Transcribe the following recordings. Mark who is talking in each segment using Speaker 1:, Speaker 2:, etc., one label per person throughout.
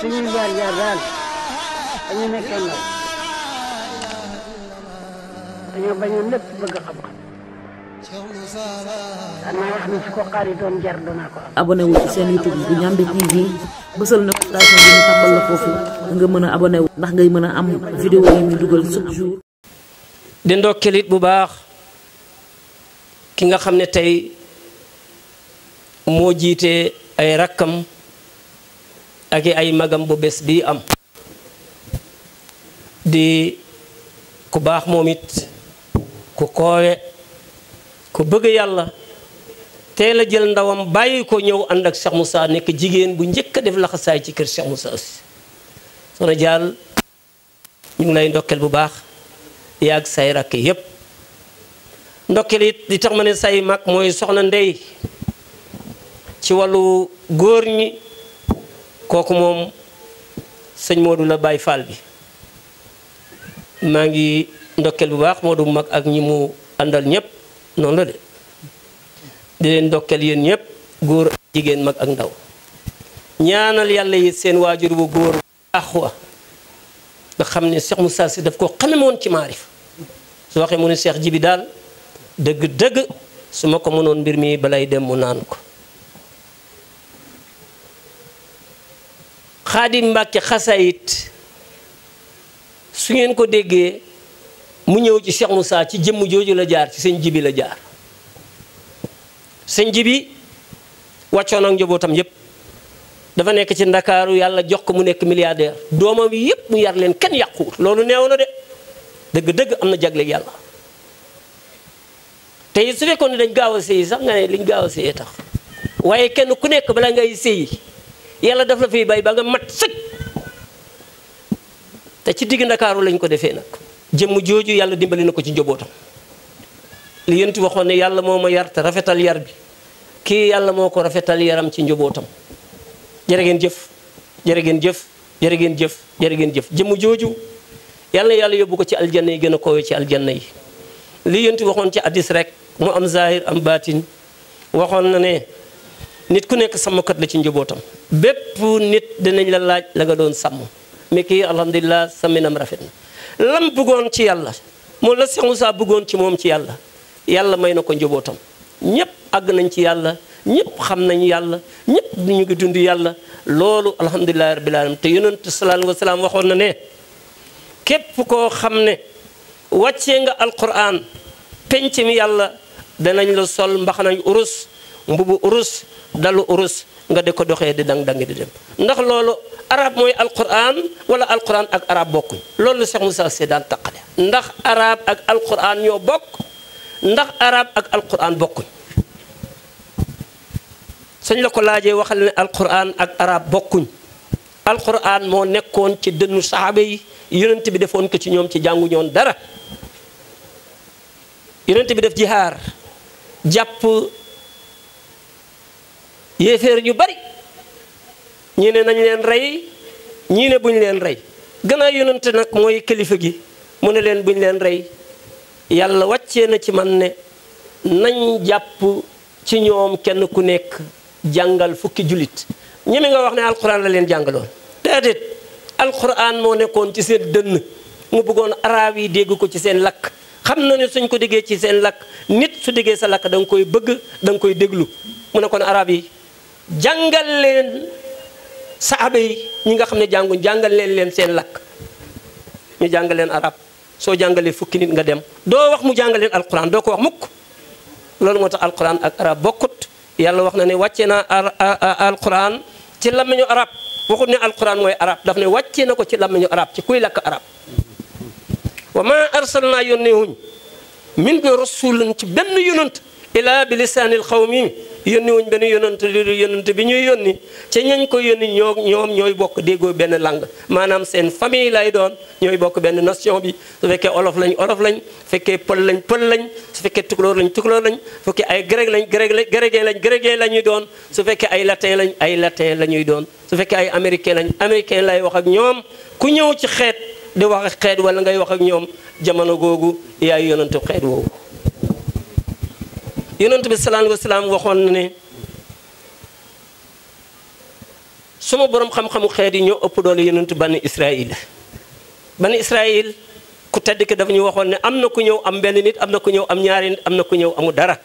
Speaker 1: suñuy jaar-jaar daal dañu nekkee ndaw dañoo su ko xaar doon jar danaa ko am. na
Speaker 2: foofu nga mën a abonné ndax ngay mën a am vidéo yi ñu dugal chaque jour.
Speaker 1: di ndokkeel bu baax ki nga xam ne tey moo jiitee ay rakkam. ak i ay magam bu bés bi am di ku baax moom it ku koowe ku bëgg yàlla teel a jël ndawam bàyyi ko ñëw ànd ak Cheikh Moussa nekk jigéen bu njëkk a def laxasaay ci kër Cheikh Moussa si soxna Jaal ñu ngi lay ndokkeel bu baax yaag say rakk yépp ndokkeel it di tax ma ne say mag mooy soxna ndey ci wàllu góor ñi kooku moom sëñ Modou la bàyyi Fall bi maa ngi ndokkeel bu baax Modou mag ak ñi mu àndal ñëpp noon la de di leen ndokkeel yéen ñëpp góor jigéen mag ak ndaw ñaanal yàlla yi seen waajur bu góor axwa nga xam ne Cheikh mu si daf koo xame woon ci maarif su waxee mu ne Cheikh Jibi daal dëgg-dëgg su ma ko mënoon mbir mi balay dem mu naan ko xaadim mbàkke xasayit su ngeen ko déggee mu ñëw ci Cheikh Moussa ci jëmm jooju la jaar ci sëñ jibi la jaar sëñ jibi wàccoon ak njabootam yépp dafa nekk ci ndakaaru yàlla jox ko mu nekk milliardaire doomam yépp mu yar leen kenn yàquwut loolu neew na de dëgg-dëgg am na jagle yàlla te it su fekkoon ne dañ gaaw a séyi sax nga ne liñ gaaw a séyee tax waaye kenn ku nekk bala ngay séyi yàlla def la fi bay ba nga mat sëkk te ci digg ndakaaru lañ ko defee nag jëmm jooju yàlla dimbali na ko ci njobootam li yéen waxoon ne yàlla moo ma yar te rafetal yar bi kii yàlla moo ko rafetal yaram ci njobootam jërë ngeen jëf jërë ngeen jëf jërë ngeen jëf jërë ngeen jëf jëmm jooju yàlla yàlla yóbbu ko ci aljanna yi gën a koowe ci aljanna yi li yéen waxoon ci addis rek mu am zahir am baatin waxoon na ne nit ku nekk sàmmkat la ci njabootam bépp nit danañ la laaj langa doon sàmm mais kii alhamdulilah sàmminam rafet na lam bëggoon ci yàlla moom la Cheikh Moussa bëggoon ci moom ci yàlla yàlla may na ko njabootam ñëpp àgg nañ ci yàlla ñëpp xam nañ yàlla ñëpp ñu ngi dund yàlla loolu alhamdulilah rabbil alamin te yonent sallallahu alayhi wa sallam waxoon na ne képp ko xam ne wàccee nga alquran penc mi yàlla danañ la sol mbaxanañ urus mbubu urus dalu urus nga di ko doxee di dang dangi di dem ndax loolu arab mooy alquran wala alquran ak arab bokkuñ loolu la Cheikh Moussa Sy daan taqale ndax arab ak alquran ñoo bokk ndax arab ak alquran bokkuñ suñ la ko laajee waxal ne alquran ak arab bokkuñ alquran moo nekkoon ci dënnu saxaaba yi yonent bi defoon ko ci ñoom ci jànguñoon dara yonent bi def jihaar jàpp yéeféer yu bari ñii ne nañ leen rey ñii ne buñ leen rey gannaaw yonante nag mooy kilifa gi mu ne leen buñ leen rey yàlla wàccee na ci man ne nañ jàpp ci ñoom kenn ku nekk jàngal fukki jullit ñeme nga wax ne alxuraan la leen jàngaloon déedéet alxuraan moo nekkoon ci seen dënn mu bëggoon araab yi dégg ko ci seen lakk xam na ne suñ ko déggee ci seen lakk nit su déggee sa lakk da nga koy bëgg danga koy déglu mu ne araab yi jàngal leen saaba yi ñi nga xam ne jànguñ jàngal leen leen seen lakk ñu jàngal leen arab soo jàngalee fukki nit nga dem doo wax mu jàngal leen alquran doo ko wax mukk loolu moo tax alquran ak arab bokkut yàlla wax na ne wàcce naa alquran ci làmmiñu arab waxut ne alquran mooy arab daf ne wàcce na ko ci làmmiñu arab ci kuy lakk arab wa ma arsalnaa yónneewuñ min bi rasulin ci benn yonant ilaa bi lisaanil xawmi yónni wuñ benn yónnante lu yónnante bi ñuy yónni ca ñañ koy yónni ñoo ñoom ñooy bokk déggoo benn langue maanaam seen famille lay doon ñooy bokk benn nation bi su fekkee olof lañ olof lañ fekkee pël lañ pël lañ su fekkee tukulóor lañ tukulóor lañ su fekkee ay grec lañ grec lañ grégien lañ grégien la ñuy doon su fekkee ay latin lañ ay latin la ñuy doon su fekkee ay américain lañ américain lay wax ak ñoom ku ñëw ci xeet di wax xeet wala ngay wax ak ñoom jamono googu yaay yónnantu xeet woowu yonent bi sallallahu alayhi wa waxoon na ne suma boroom xam-xamu xeet yi ñoo ëpp doole yonent bani Israil bani Israil ku tedd ki dafa ñu waxoon ne am na ku ñëw am benn nit am na ku ñëw am ñaari nit am na ku ñëw amu dara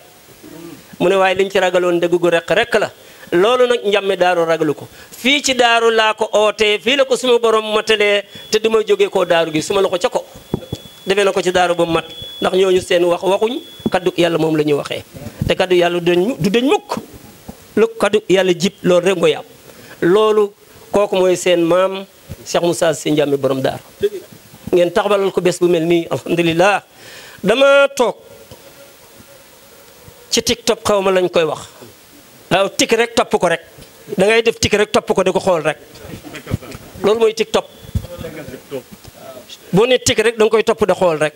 Speaker 1: mu ne waaye liñ ci ragaloon dëgg gu rek rek la loolu nag njàmme daaru ragalu ko fii ci daaru laa ko ootee fii la ko suma borom motalee te du ma jógee koo daaru gi suma loxo ca ko defee na ko ci daara ba mu mat ndax ñooñu seen wax waxuñ kaddu yàlla moom la ñuy waxee te kaddu yàlla du dañ mukk lu kaddu yàlla jib loolu rek nga yàpp loolu kooku mooy seen maam Cheikh Moussa Sy Ndiamé borom daar ngeen taxabalal ko bés bu mel nii alhamdulilah dama toog ci tiktok xaw ma lañ koy wax waaw tik rek topp ko rek da ngay def tik rek topp ko di ko xool rek loolu mooy topp boo ne tikk rek da koy topp da xool rek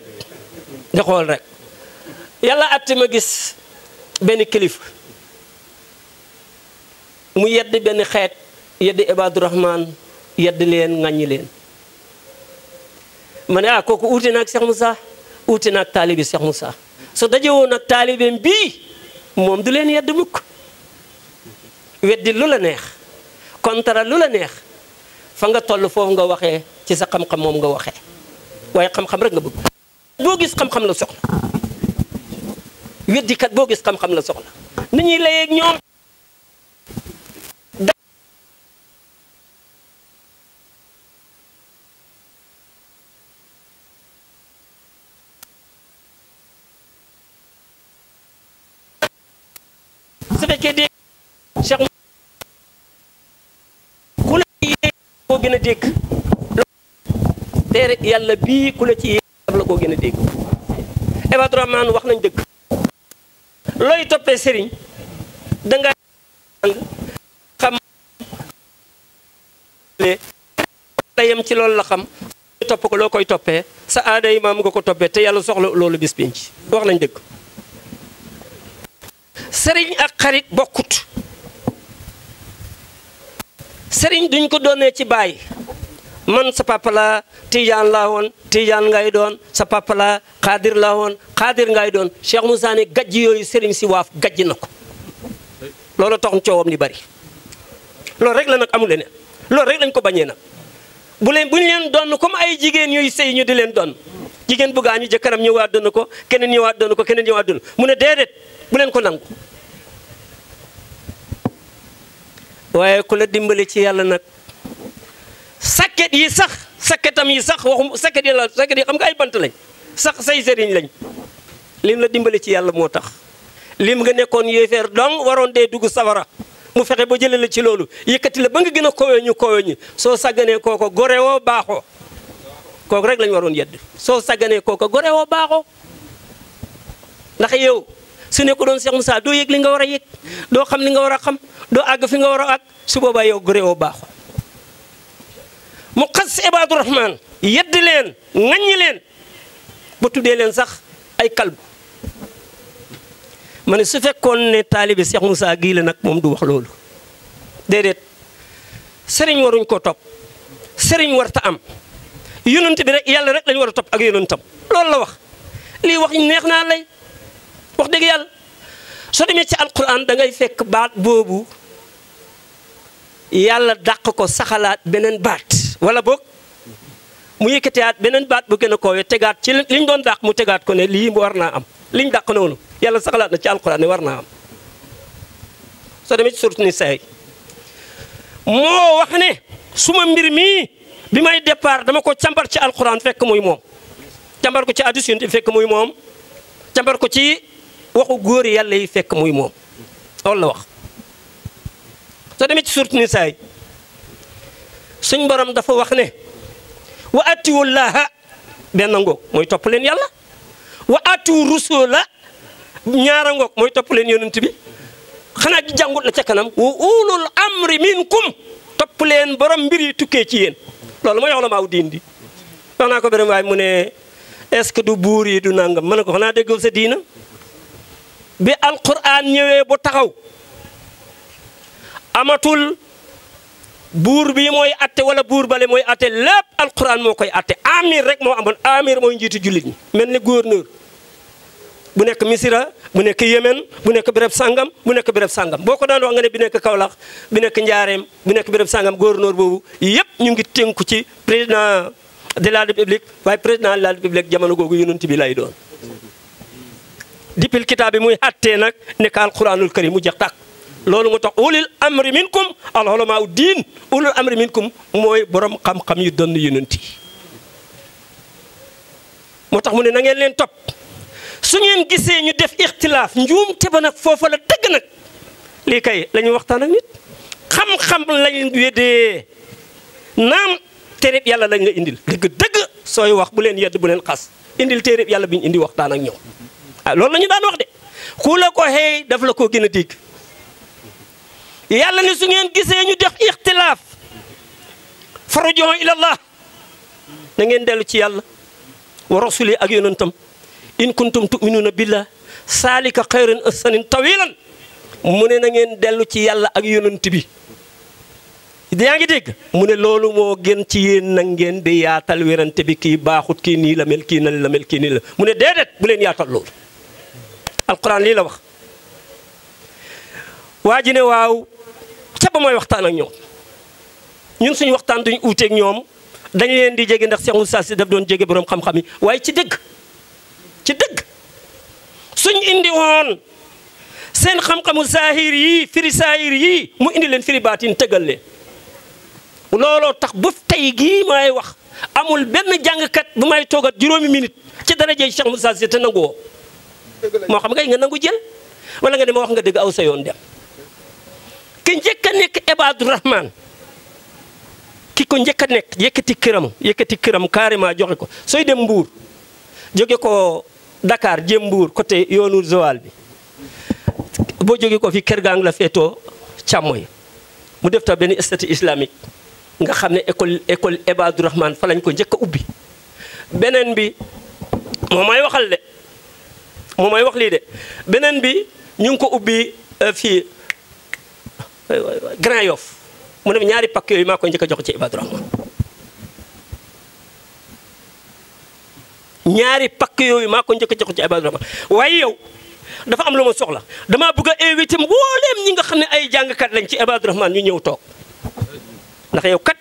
Speaker 1: da xool rek yàlla atti ma gis benn kilifa mu yedd benn xeet yedd Ibaadu yedd leen ŋàññi leen ma ne ah kooku uute na ak Cheikh Moussa uute na ak taalibi Cheikh Moussa so daje woon ak taalibeem bii moom du leen yedd mukk weddi lu la neex kontra lu la neex fa nga toll foofu nga waxee ci sa xam-xam moom nga waxee waaye xam-xam rek nga bëgg boo gis xam-xam la soxla weddikat boo gis xam-xam la soxla ni ñuy ñoom koo gën a dégg yàlla bii ku la ci yéem la koo gën a dégg Ibaadu wax nañ dëgg looy toppee sëriñ danga xam la yem ci loolu la xam topp ko loo koy toppee sa aada yi maam nga ko toppee te yàlla soxla loolu bis pénc wax nañ dëgg sëriñ ak xarit bokkut sëriñ duñ ko doonee ci baay man sa papa laa laa woon tijaan ngay doon sa papalaa laa xaadir laa woon xaadir ngay doon Cheikh Moussa ne gajj yooyu sëriñ si waaf gajj na ko loolu taxum coowam li bari loolu rek la nag amu leneen loolu rek lañ ko bañee nag bu leen bu ñu leen doon comme ay jigéen yooyu sëy ñu di leen doon jigéen ñu gaañu jëkkëram ñëwaat doon ko keneen ñëwaat doon ko keneen ñëwaat doon mu ne déedéet bu leen ko nangu waaye ku la dimbali ci yàlla nag sakket yi sax sakketam yi sax waxum sakket yi la sakket yi xam nga ay bant lañ sax say sëriñ lañ lim la dimbali ci yàlla moo tax lim nga nekkoon yéefeer dong waroon dee dugg safara mu fexe ba jëlee la ci loolu yëkkati la ba nga gën a koowee ñu koowee ñu soo sagganee kooko gore woo baaxoo kooku rek lañ waroon yedd soo sagganee kooko gore woo baaxoo ndax yow su ne ko doon Cheikh Moussa doo yëg li nga war a yëg doo xam li nga war a xam doo àgg fi nga war a àgg su boobaa yow gëré oo baaxul mu xas ibaadu rahman yedd leen ŋaññi leen ba tuddee leen sax ay kalbu ma ne su fekkoon ne taalibe Cheikh Moussa gii la nag moom du wax loolu déedéet sëriñ waruñ ko topp sëriñ warta am yonent bi rek yàlla rek lañu war a topp ak yonentam loolu la wax lii wax neex naa lay wax dëgg yàlla soo demee ci alquran da ngay fekk baat boobu yàlla dàq ko saxalaat beneen baat wala boog mu yëkkateyaat beneen baat bu gën a koowee tegaat ci liñ doon dàq mu tegaat ko ne lii mu war naa am liñ dàq noonu yàlla saxalaat na ci alquran ne war naa am soo demee ci surtu ni moo wax ne suma mbir mii bi may départ dama ko càmbar ci alquran fekk muy moom càmbar ko ci addis yunti fekk muy moom càmbar ko ci waxu góor yàlla yi fekk muy moom loolu la wax soo demee ci suurtu nisaa yi suñ borom dafa wax ne wa atiwu laaha benn ngoog mooy topp leen yàlla wa atiwu rusula ñaara ngoog mooy topp leen yonent bi xanaa ji jàngut la ca kanam wa ulul amri minkum topp leen borom mbir yi tukkee ci yéen loolu mooy yow la maaw diin di wax naa ko beneen waaye mu ne est-ce que du buur yi du nangam ma ne ko xanaa déggoo sa diina bi alquran ñëwee bu taxaw amatul buur bi mooy atte wala buur bale mooy atte lépp alquran moo koy atte amir rek moo amoon amir mooy njiitu jullit ñi mel ni gouverneur bu nekk misira bu nekk yemen bu nekk béréb sangam bu nekk béréb sangam boo ko daan wax ne bi nekk Kaolack bi nekk njaareem bi nekk béréb sangam gouverneur boobu yëpp ñu ngi tënku ci président de la république waaye président de la république jamono googu yonent bi lay doon dipil kitaab bi muy àttee nag nekk alquranul karim mu jeex tàkk loolu moo tax ulil amri minkum alxulamaa u diin ulil amri minkum mooy borom xam-xam yu doon yonent yi moo tax mu ne na ngeen leen top su ngeen gisee ñu def ixtilaaf njuum te nag foofa la dëgg nag lii kay la ñuy waxtaan ak nit xam-xam lañ weddee naam téereb yàlla lañ la indil dëgg dëgg sooy wax bu leen yedd bu leen xas indil téereb yàlla bi ñu indi waxtaan ak ñoom ah loolu ñu daan wax de ku ko xëy daf la ko gën a dégg yàlla ne su ngeen gisee ñu def ixtilaaf farujon ilallah na ngeen dellu ci yàlla wa rasuli ak yonentam in kuntum tuminuuna billah saalika xayran ahsanin tawilan mu ne na ngeen dellu ci yàlla ak yonent bi yaa ngi dégg mu ne loolu moo gën ci yéen na ngeen bi yaatal werante bi kii baaxut kii nii la mel kii nan la mel kii nii la mu ne déedéet bu leen yaatal loolu alquran lii la wax waa ji ne waaw ca ba mooy waxtaan ak ñoom ñun suñ waxtaan duñ uuteeg ñoom dañ leen di jege ndax Cheikh Moussa Sy daf doon jege borom xam-xam yi waaye ci dëgg ci dëgg suñ indi woon seen xam-xamu saahir yi firi saahir yi mu indi leen firi baatin tëggal leen looloo tax bu tey gii may wax amul benn jàngkat bu may toogat juróomi minute ci darajee Cheikh Moussa Sy te nanguwoo moo xam ngay nga nangu jël wala nga ne ma wax nga dëgg aw sa yoon dem ki njëkk nekk Ibaadu ki ko njëkk a nekk yëkkati këram yëkkati këram carrément joxe ko sooy dem Mbuur jóge ko Dakar jëm Mbuur côté yoonu Joal bi boo jóge ko fi kër gaang la feetoo càmmoy mu def ta benn statut islamique nga xam ne école école Ibaadu Rahmaan fa lañ ko njëkk a ubbi beneen bi moo may waxal de moom mooy wax lii de beneen bi ñu ngi ko ubbi euh, fii Grand Yoff mu ne ñaari pakk yooyu maa koy njëkk a jox ci Ibadou Rahman ñaari pakk yooyu maa ko njëkk a jox ci Ibadou Rahman waaye yow dafa am lu ma soxla damaa bëgg a invité mbooleem ñi nga xam ne ay jàngkat lañ ci Ibadou Rahman ñu ñëw toog ndax yow kat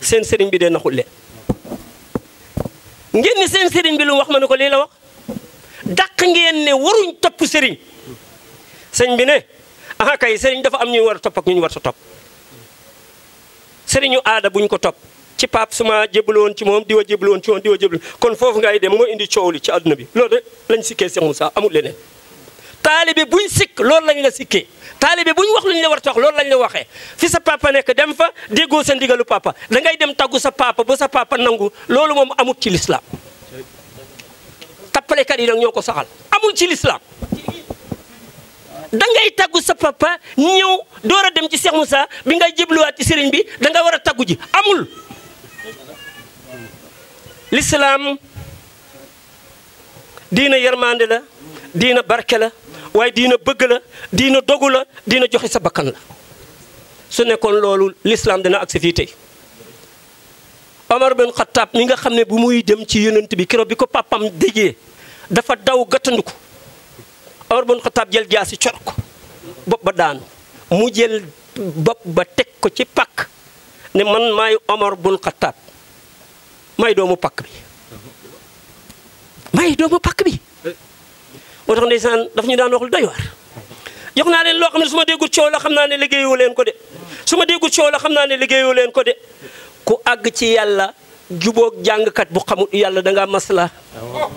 Speaker 1: seen sëriñ bi de naxul leen ngeen ni seen sëriñ bi lu wax ma ne ko lii la wax. dàq ngeen ne waruñ topp sëriñ sëñ bi ne aha kay sëriñ dafa am ñu war a topp ak ñu war a topp sëriñu aada buñ ko topp ci paap suma jébaloon ci moom diwa jébaloon ci moom diwa jébaloon kon foofu ngay dem moo indi coow li ci àdduna bi loolu rek lañ sikkee Cheikh Moussa amul leneen taalibe buñ sikk loolu lañ la sikkee taalibe buñ wax luñ la war a wax lañ la waxee fi sa papa nekk dem fa déggoo sa ndigalu papa da ngay dem taggu sa papa ba sa papa nangu loolu moom amut ci lislaam jàppalekat yi nag ñoo ko saxal amul ci lislaam da ngay taggu sa papa ñëw door a dem ci Cheikh Moussa bi ngay jébluwaat ci sëriñ bi danga war a taggu ji amul lislaam diina yermande la diina barke la waaye diina bëgg la diina dogu la diina joxe sa bakkan la su nekkoon loolu lislaam dina agsi fii tey Omar mi nga xam ne bu muy dem ci yonent bi keroog bi ko papam déggee dafa daw gàttandiku Omar bun Xataab jël jaasi cor ko bopp ba daanu mu jël bopp ba teg ko ci pakk ne man maay Omar bun Xataab may doomu pakk bi may doomu pàkk bi moo tax ndeysaan daf ñu daan wax lu naa leen loo xam ne su ma déggul coow la xam naa ne liggéeyoo leen ko de su ma déggul coow la xam naa ne liggéeyoo leen ko de ku àgg ci yàlla jubóog jàngkat bu xamul yàlla da ngaa masla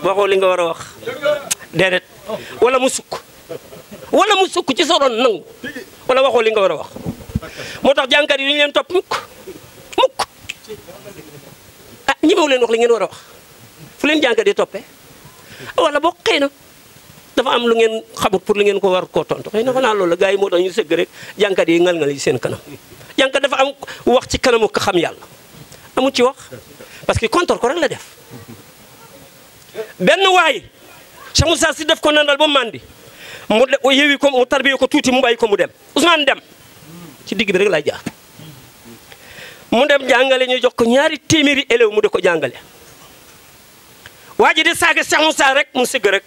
Speaker 1: waxoo li nga war a wax déedéet mu sukk wala mu sukk ci soroon nangu wala waxoo li nga war a wax moo tax jàngkat yi du ñu topp mukk mukk ah ñemewu leen wax li ngeen war a wax fu leen jàngkat yi toppee wala boo xëy na dafa am lu ngeen xamut pour lu ngeen ko war koo tontu xëy na xanaa loolu la gars yi moo tax ñu sëgg rek jàngkat yi ngal ngal yi seen kanam jàngkat dafa am wax ci kanamu ko xam yàlla amu ci wax parce que contre ko rek la def benn waay Cheikh Moussa si def ko nandal ba mu màndi mu de ko mu tarbiye ko tuuti mu bàyyi ko mu dem Ousmane dem ci digg bi rek laay jaar mu dem jàngale ñu jox ko ñaari téeméeri élève mu de ko jàngale waa ji di saaga Cheikh saa rek mu sëgg rek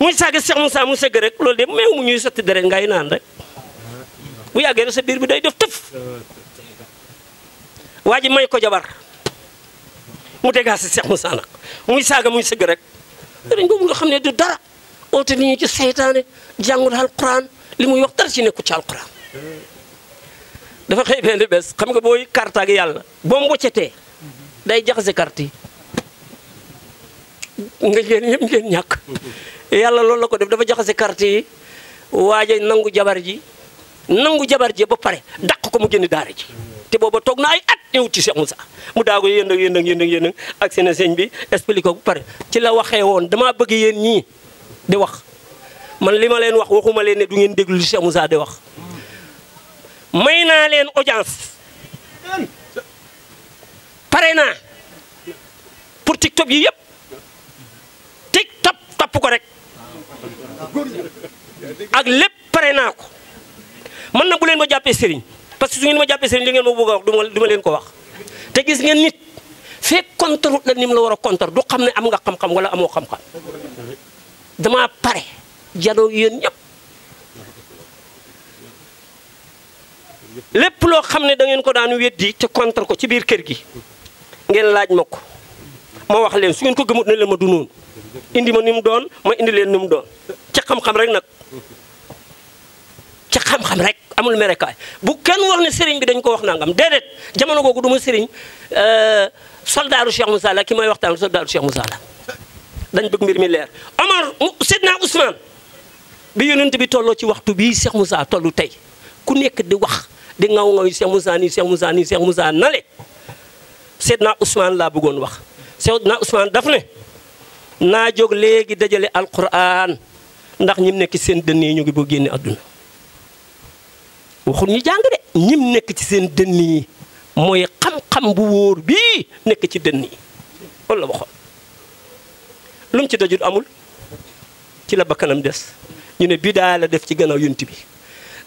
Speaker 1: muy saaga Cheikh Moussa mu sëgg rek loolu de meew mu ñuy sotti deret ngay naan rek bu yàggee rek sa biir bi day def tëf waa ji may ko jabar mu dégaasi Cheikh Moussa nag muy saaga muy sëgg rek sëriñ boobu nga xam ne du dara oote ni ñu ci saytaane jàngul alquran li muy wax dara ci ci alquran dafa xëy benn bés xam nga booy carte yàlla boo mboccetee day jaxase karti yi nga ngeen ñëpp ngeen ñàkk yàlla loolu la ko def dafa jaxase carte waaja nangu jabar ji nangu jabar ji ba pare dàq ko mu génn daara ji te booba toog na ay at ñëw ci Cheikh Moussa mu daa ko yéen ak yéen ak yéen ak yéen ak seen sëñ bi expliqué ko bu pare ci la waxee woon damaa bëgg yéen ñii di wax man li ma leen wax waxuma leen ne du ngeen déglu Cheikh Moussa di wax may naa leen audience pare naa pour TikTok yi yëpp TikTok topp ko rek ak lépp pare naa ko man na bu leen ma jàppee sëriñ parce que su ngeen ma jàppee sëriñ li ngeen ma bëgg wax du ma leen ko wax te gis ngeen nit fekk contre la ni la war a contre du xam ne am nga xam-xam wala amoo xam-xam damaa pare janoo yéen ñëpp lépp loo xam ne da ngeen ko daan weddi te contre ko ci biir kër gi ngeen laaj ma ko ma wax leen su ngeen ko gëmut na leen ma du noonu indi ma ni mu doon ma indi leen ni mu doon ci xam-xam rek nag xam-xam rek amul merekaay bu kenn wax ne sëriñ bi dañ ko wax nangam déedéet jamono googu du ma sëriñ euh, soldaaru Cheikh Moussa la ki may waxtaan soldaaru Cheikh Moussa la dañ bëgg mbir mi leer Omar Seydina Ousmane bi yonent bi tolloo ci waxtu bii Cheikh Moussa tollu tey ku nekk di wax di ngaw ngaw yi Cheikh Moussa nii Cheikh Moussa nii Cheikh Moussa nale Seydina laa bëggoon wax Seydina Ousmane daf ne naa jóg léegi dajale alquran ndax ñim nekk seen dënn yi ñu ngi boo génne adduna waxul ñu jàng de ñim nekk ci seen dënn yi mooy xam-xam bu wóor bii nekk ci dënn yi loolu la lu mu ci dajul amul ci la bakkanam des ñu ne bii daa la def ci gannaaw yunt bi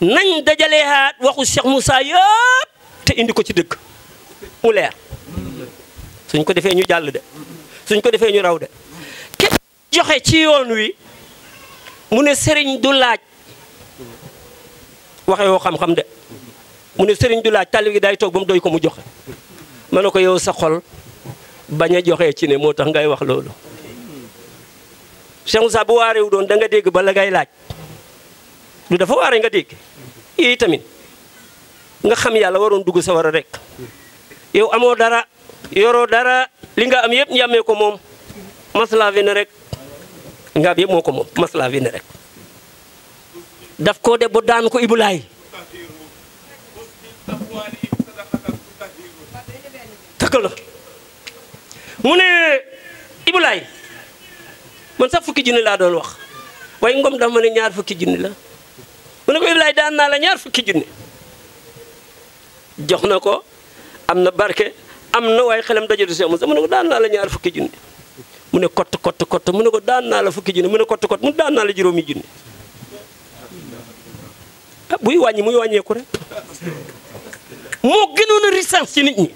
Speaker 1: nañ dajalee haat waxu Cheikh Moussa yëpp te indi ko ci dëkk mu leer suñ ko defee ñu jàll de suñ ko defee ñu raw de képp joxe ci yoon wi mu ne sëriñ du laaj waxee woo xam-xam de mu ne sëriñ du laaj talib gi day toog ba mu doy ko mu joxe ma ne ko yow sa xol bañ a joxe ci ne moo tax ngay wax loolu Cheikh Moussa bu waarewu doon danga nga dégg ba la ngay laaj du dafa waare nga dégg i tamit nga xam yàlla waroon dugg sa war a rek yow amoo dara yoroo dara li nga am yëpp ñàmmee ko moom maslaa bi ne rek nga am moo ko moom maslaa bi ne rek daf koo de ba daan ko ibulaay dëgg la mu ne ibulaay man sax fukki junni laa doon wax waaye ngom dafa ma ne ñaar fukki junni la mu ne ko ibulaay daan naa la ñaar fukki junni jox na ko am na barke am na waaye xelam dajadu si amul sax mu ne ko daan naa la ñaar fukki junni mu kott kott kott mu ko daan naa la fukki junni mu ne kott kott mu ne daan naa la juróomi junni buy wàññi muy wàññeeku rek moo gënoon a résistance ci nit ñi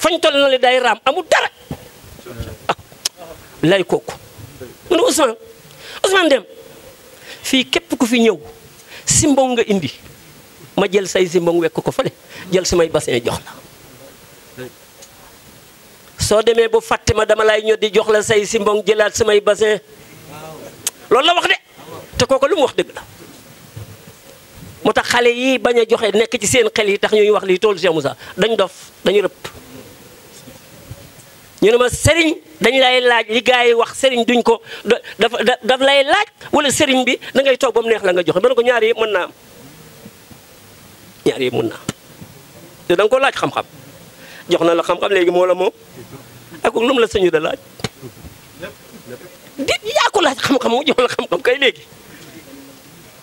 Speaker 1: fañ toll na le day raam amul dara ah lay kooku mu ne Ousmane Ousmane Deme fii képp ku fi ñëw simbong nga indi ma jël say si simbong wekk ko fële jël samay bassin jox la soo demee bu fàtte ma dama lay ñoddi jox la say simbong jëlaat samay bassin loolu la wax de te kooku lu mu wax dëgg la moo tax xale yi bañ a joxe nekk ci seen xel yi tax ñuy wax lii tool Cheikh Moussa dañ dof dañu rëpp ñu ne ma sëriñ dañ lay laaj li gars yi wax sëriñ duñ ko dafa daf lay laaj wala sëriñ bi da ngay toog ba mu neex la nga jox ban ko ñaar yëpp mën naam am ñaar yëpp mën naa te da ko laaj xam-xam jox na la xam-xam léegi moo la moom ak lu mu la sañu da laaj dit yaa ko laaj xam-xam mu jox la xam-xam kay léegi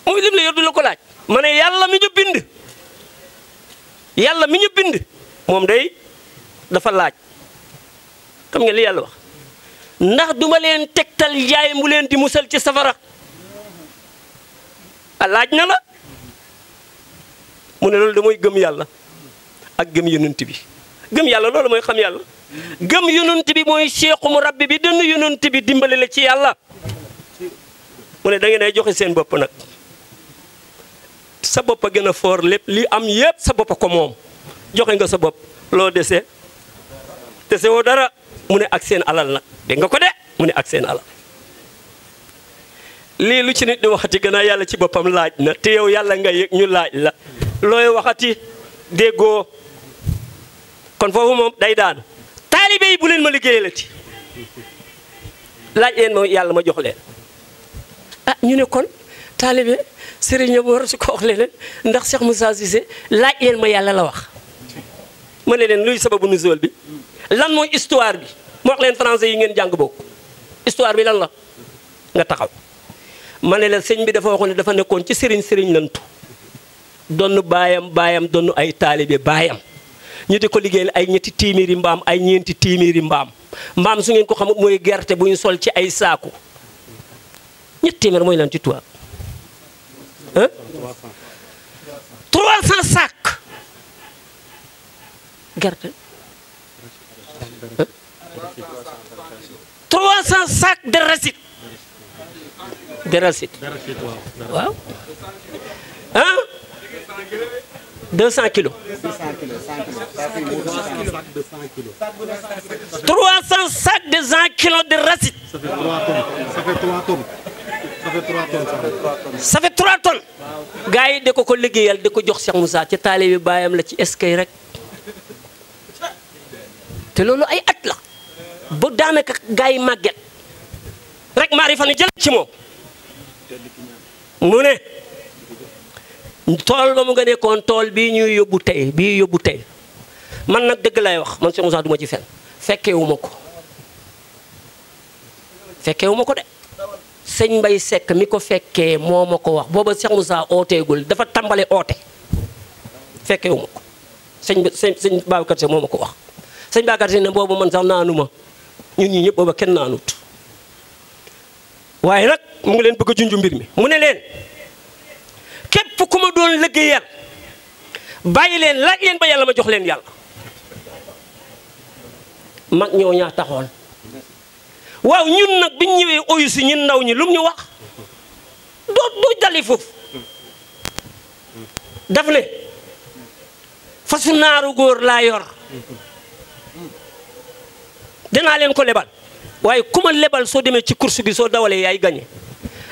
Speaker 1: muy lim la yor du la ko laaj ma ne yàlla mi ñu bind yàlla mi ñu bind moom day dafa laaj xam nga li yàlla wax ndax duma leen tegtal yaay mu leen di musal ci safara a laaj na la mu ne loolu damooy gëm yàlla ak gëm yonent bi gëm yàlla loolu mooy xam yàlla gëm yonent bi mooy seexu mu rabbi bi dënn yonent bi dimbali la ci yàlla mu ne da ngeen ay joxe seen bopp nag sa bopp a gën a foor lépp li am yépp sa bopp ko moom joxe nga sa bopp loo dese dese woo dara mu ne ak seen alal nag dégg nga ko de mu ne ak seen alal lii lu ci nit di waxati gën yàlla ci boppam laaj na te yow yàlla nga yëg ñu laaj la looy waxati déggoo kon foofu moom day daan taalibe yi bu leen ma liggéeyalati laaj leen ma yàlla ma jox leen ah ñu ne kon taalibe sëriñ bi war su ko wax leneen ndax Cheikh Moussa Cissé laaj leen ma yàlla la wax ma ne leen luy sababu nuzul bi lan mooy histoire bi ma wax leen français yi ngeen jàng bokk histoire bi lan la nga taxaw ma ne la sëñ bi dafa waxoon ne dafa nekkoon ci sëriñ sëriñ lantu donn baayam baayam donn ay taalibe baayam ñu di ko liggéeyal ay ñetti téeméeri mbaam ay ñeenti téeméeri mbaam mbaam su ngeen ko xamut mooy gerte bu ñu sol ci ay saaku ñetti téeméer mooy lan ci 300 hein? sacs 300 hein? sacs de racines de racines Wow. Hein? 200 kilos 300 sacs de 100 kilos de racines ça fait ça fait 3 ça fait 3 yi di ko ko liggéeyal di ko jox Cheikh Moussa ci taalibe baayam la ci eskay rek te loolu ay at la bu daanaka gaa yi màgget rek maari fan jël ci moom mu ne tool ba mu nga nekkoon tool bii ñuy yóbbu tey bii yóbbu tey man nag dëgg lay wax man Cheikh Moussa du ci fen fekkewuma ko fekkewuma ko de sëñ Mbay sekk mi ko fekkee moo ma ko wax booba Cheikh Moussa ooteegul dafa tàmbale oote fekkewu ma ko sëñ sëñ sëñ Babacar Si moo ma ko wax sëñ Babacar Si ne boobu man sax nu ñun ñi ñëpp booba kenn naanut waaye nag mu ngi leen bëgg a junju mbir mi mu ne leen képp ku ma doon liggéeyal bàyyi leen laaj leen ba yàlla ma jox leen yàlla mag ñoo ñaa taxoon waaw ñun nag biñ ñëwee oyu si ñun ndaw ñi lum ñu wax doo doo dali foofu daf ne fasu naaru góor laa yor danaa leen ko lebal waaye ku ma lebal soo demee ci course bi soo dawalee yaay gañe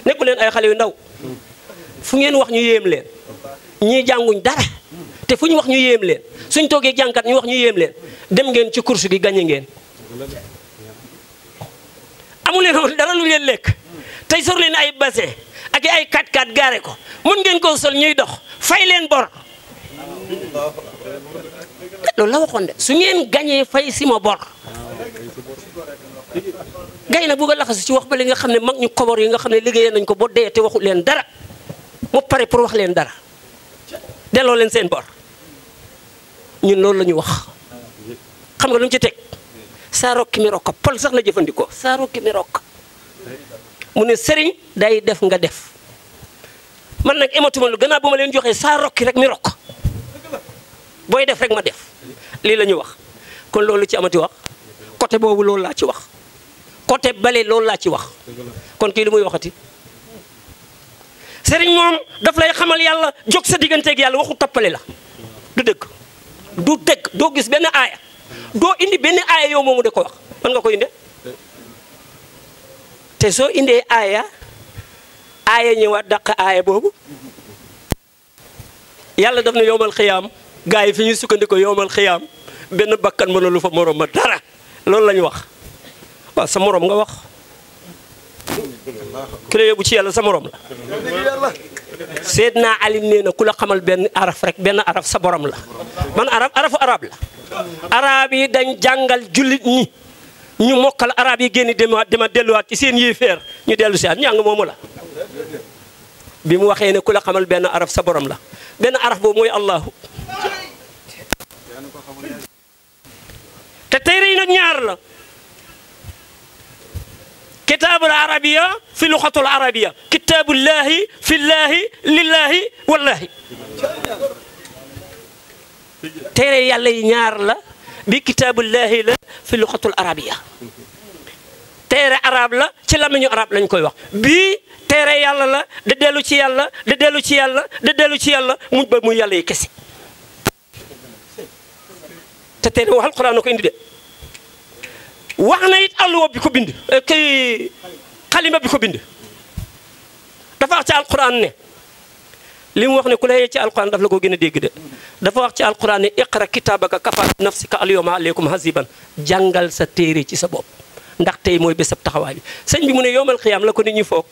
Speaker 1: nekku leen ay xale yu ndaw fu ngeen wax ñu yéem leen ñii jànguñ dara te fu ñu wax ñu yéem leen suñ toogee jànkat ñu wax ñu yéem leen dem ngeen ci course gi gañe ngeen amu leen woon dara lu ngeen lekk tey sor leen ay base ak ay 4 x gaare ko mun ngeen koo sol ñuy dox fay leen bor loolu la waxoon de su ngeen gañee fay si ma bor gay na bugg a laxasu ci wax ba li nga xam ne mag ñu kobor yi nga xam ne liggéeyee nañ ko ba dee te waxu leen dara mu pare pour wax leen dara delloo leen seen bor ñun loolu la ñu wax xam nga lu mu ci teg saa rokki mi rokk sax la jëfandikoo saa rokki mi mu ne sëriñ day def nga def man nag ématuma lu gannaaw bu ma leen joxee saa rokki rek mi rokk booy def rek ma def lii la ñu wax kon loolu ci amati wax côté boobu loolu laa ci wax côté bale loolu laa ci wax kon kii lu muy waxati sëriñ moom daf lay xamal yàlla jox sa digganteeg yàlla waxu tappale la du dëgg du dëgg doo gis benn aaya doo indi benn aaya yow moomu de ko wax man nga ko inde te soo indee aaya aaya ñëwaat daq aaya boobu yàlla daf na yowmal xiyaam gars yi fi ñuy sukkandiku yowmal xiyaam benn bakkan mëna lu fa morom ma dara loolu la wax waa sa moroom nga wax ki la yóbbu ci yàlla sa moroom la Seydina Ali nee kula ku xamal benn araf rek benn arab sa borom la man arab arafu arab la arab yi dañ jàngal jullit ñi ñu mokkal arab yi génn dema delluwaat ci seen yéefeer ñu dellu si waat ñàng moomu la bi mu waxee ne ku la xamal benn arab sa borom la benn araf boobu mooy allahu te tey rey nag ñaar la كتاب العربية في اللغة العربية كتاب الله في الله لله والله ترى يلي نار لا بكتاب الله لا في اللغة العربية ترى عرب لا كلا من عرب لا نكوي وق بي ترى يلا لا ددلو شيء لا ددلو شيء لا ددلو شيء لا مود بمو يلي كسي تتنو هالقرآن كندي wax na it alluwa bi ko bind kii xalima bi ko bind dafa wax ci alquran ne li mu wax ne ku la yee ci alquran daf la ko gën a dégg de dafa wax ci alquran ne iqra kitaabaka kafa nafsika alyawma aleykum hasiban jàngal sa téere ci sa bopp ndax tey mooy bésab taxawaay sëñ bi mu ne yowmal xiyaam la nit ñi foog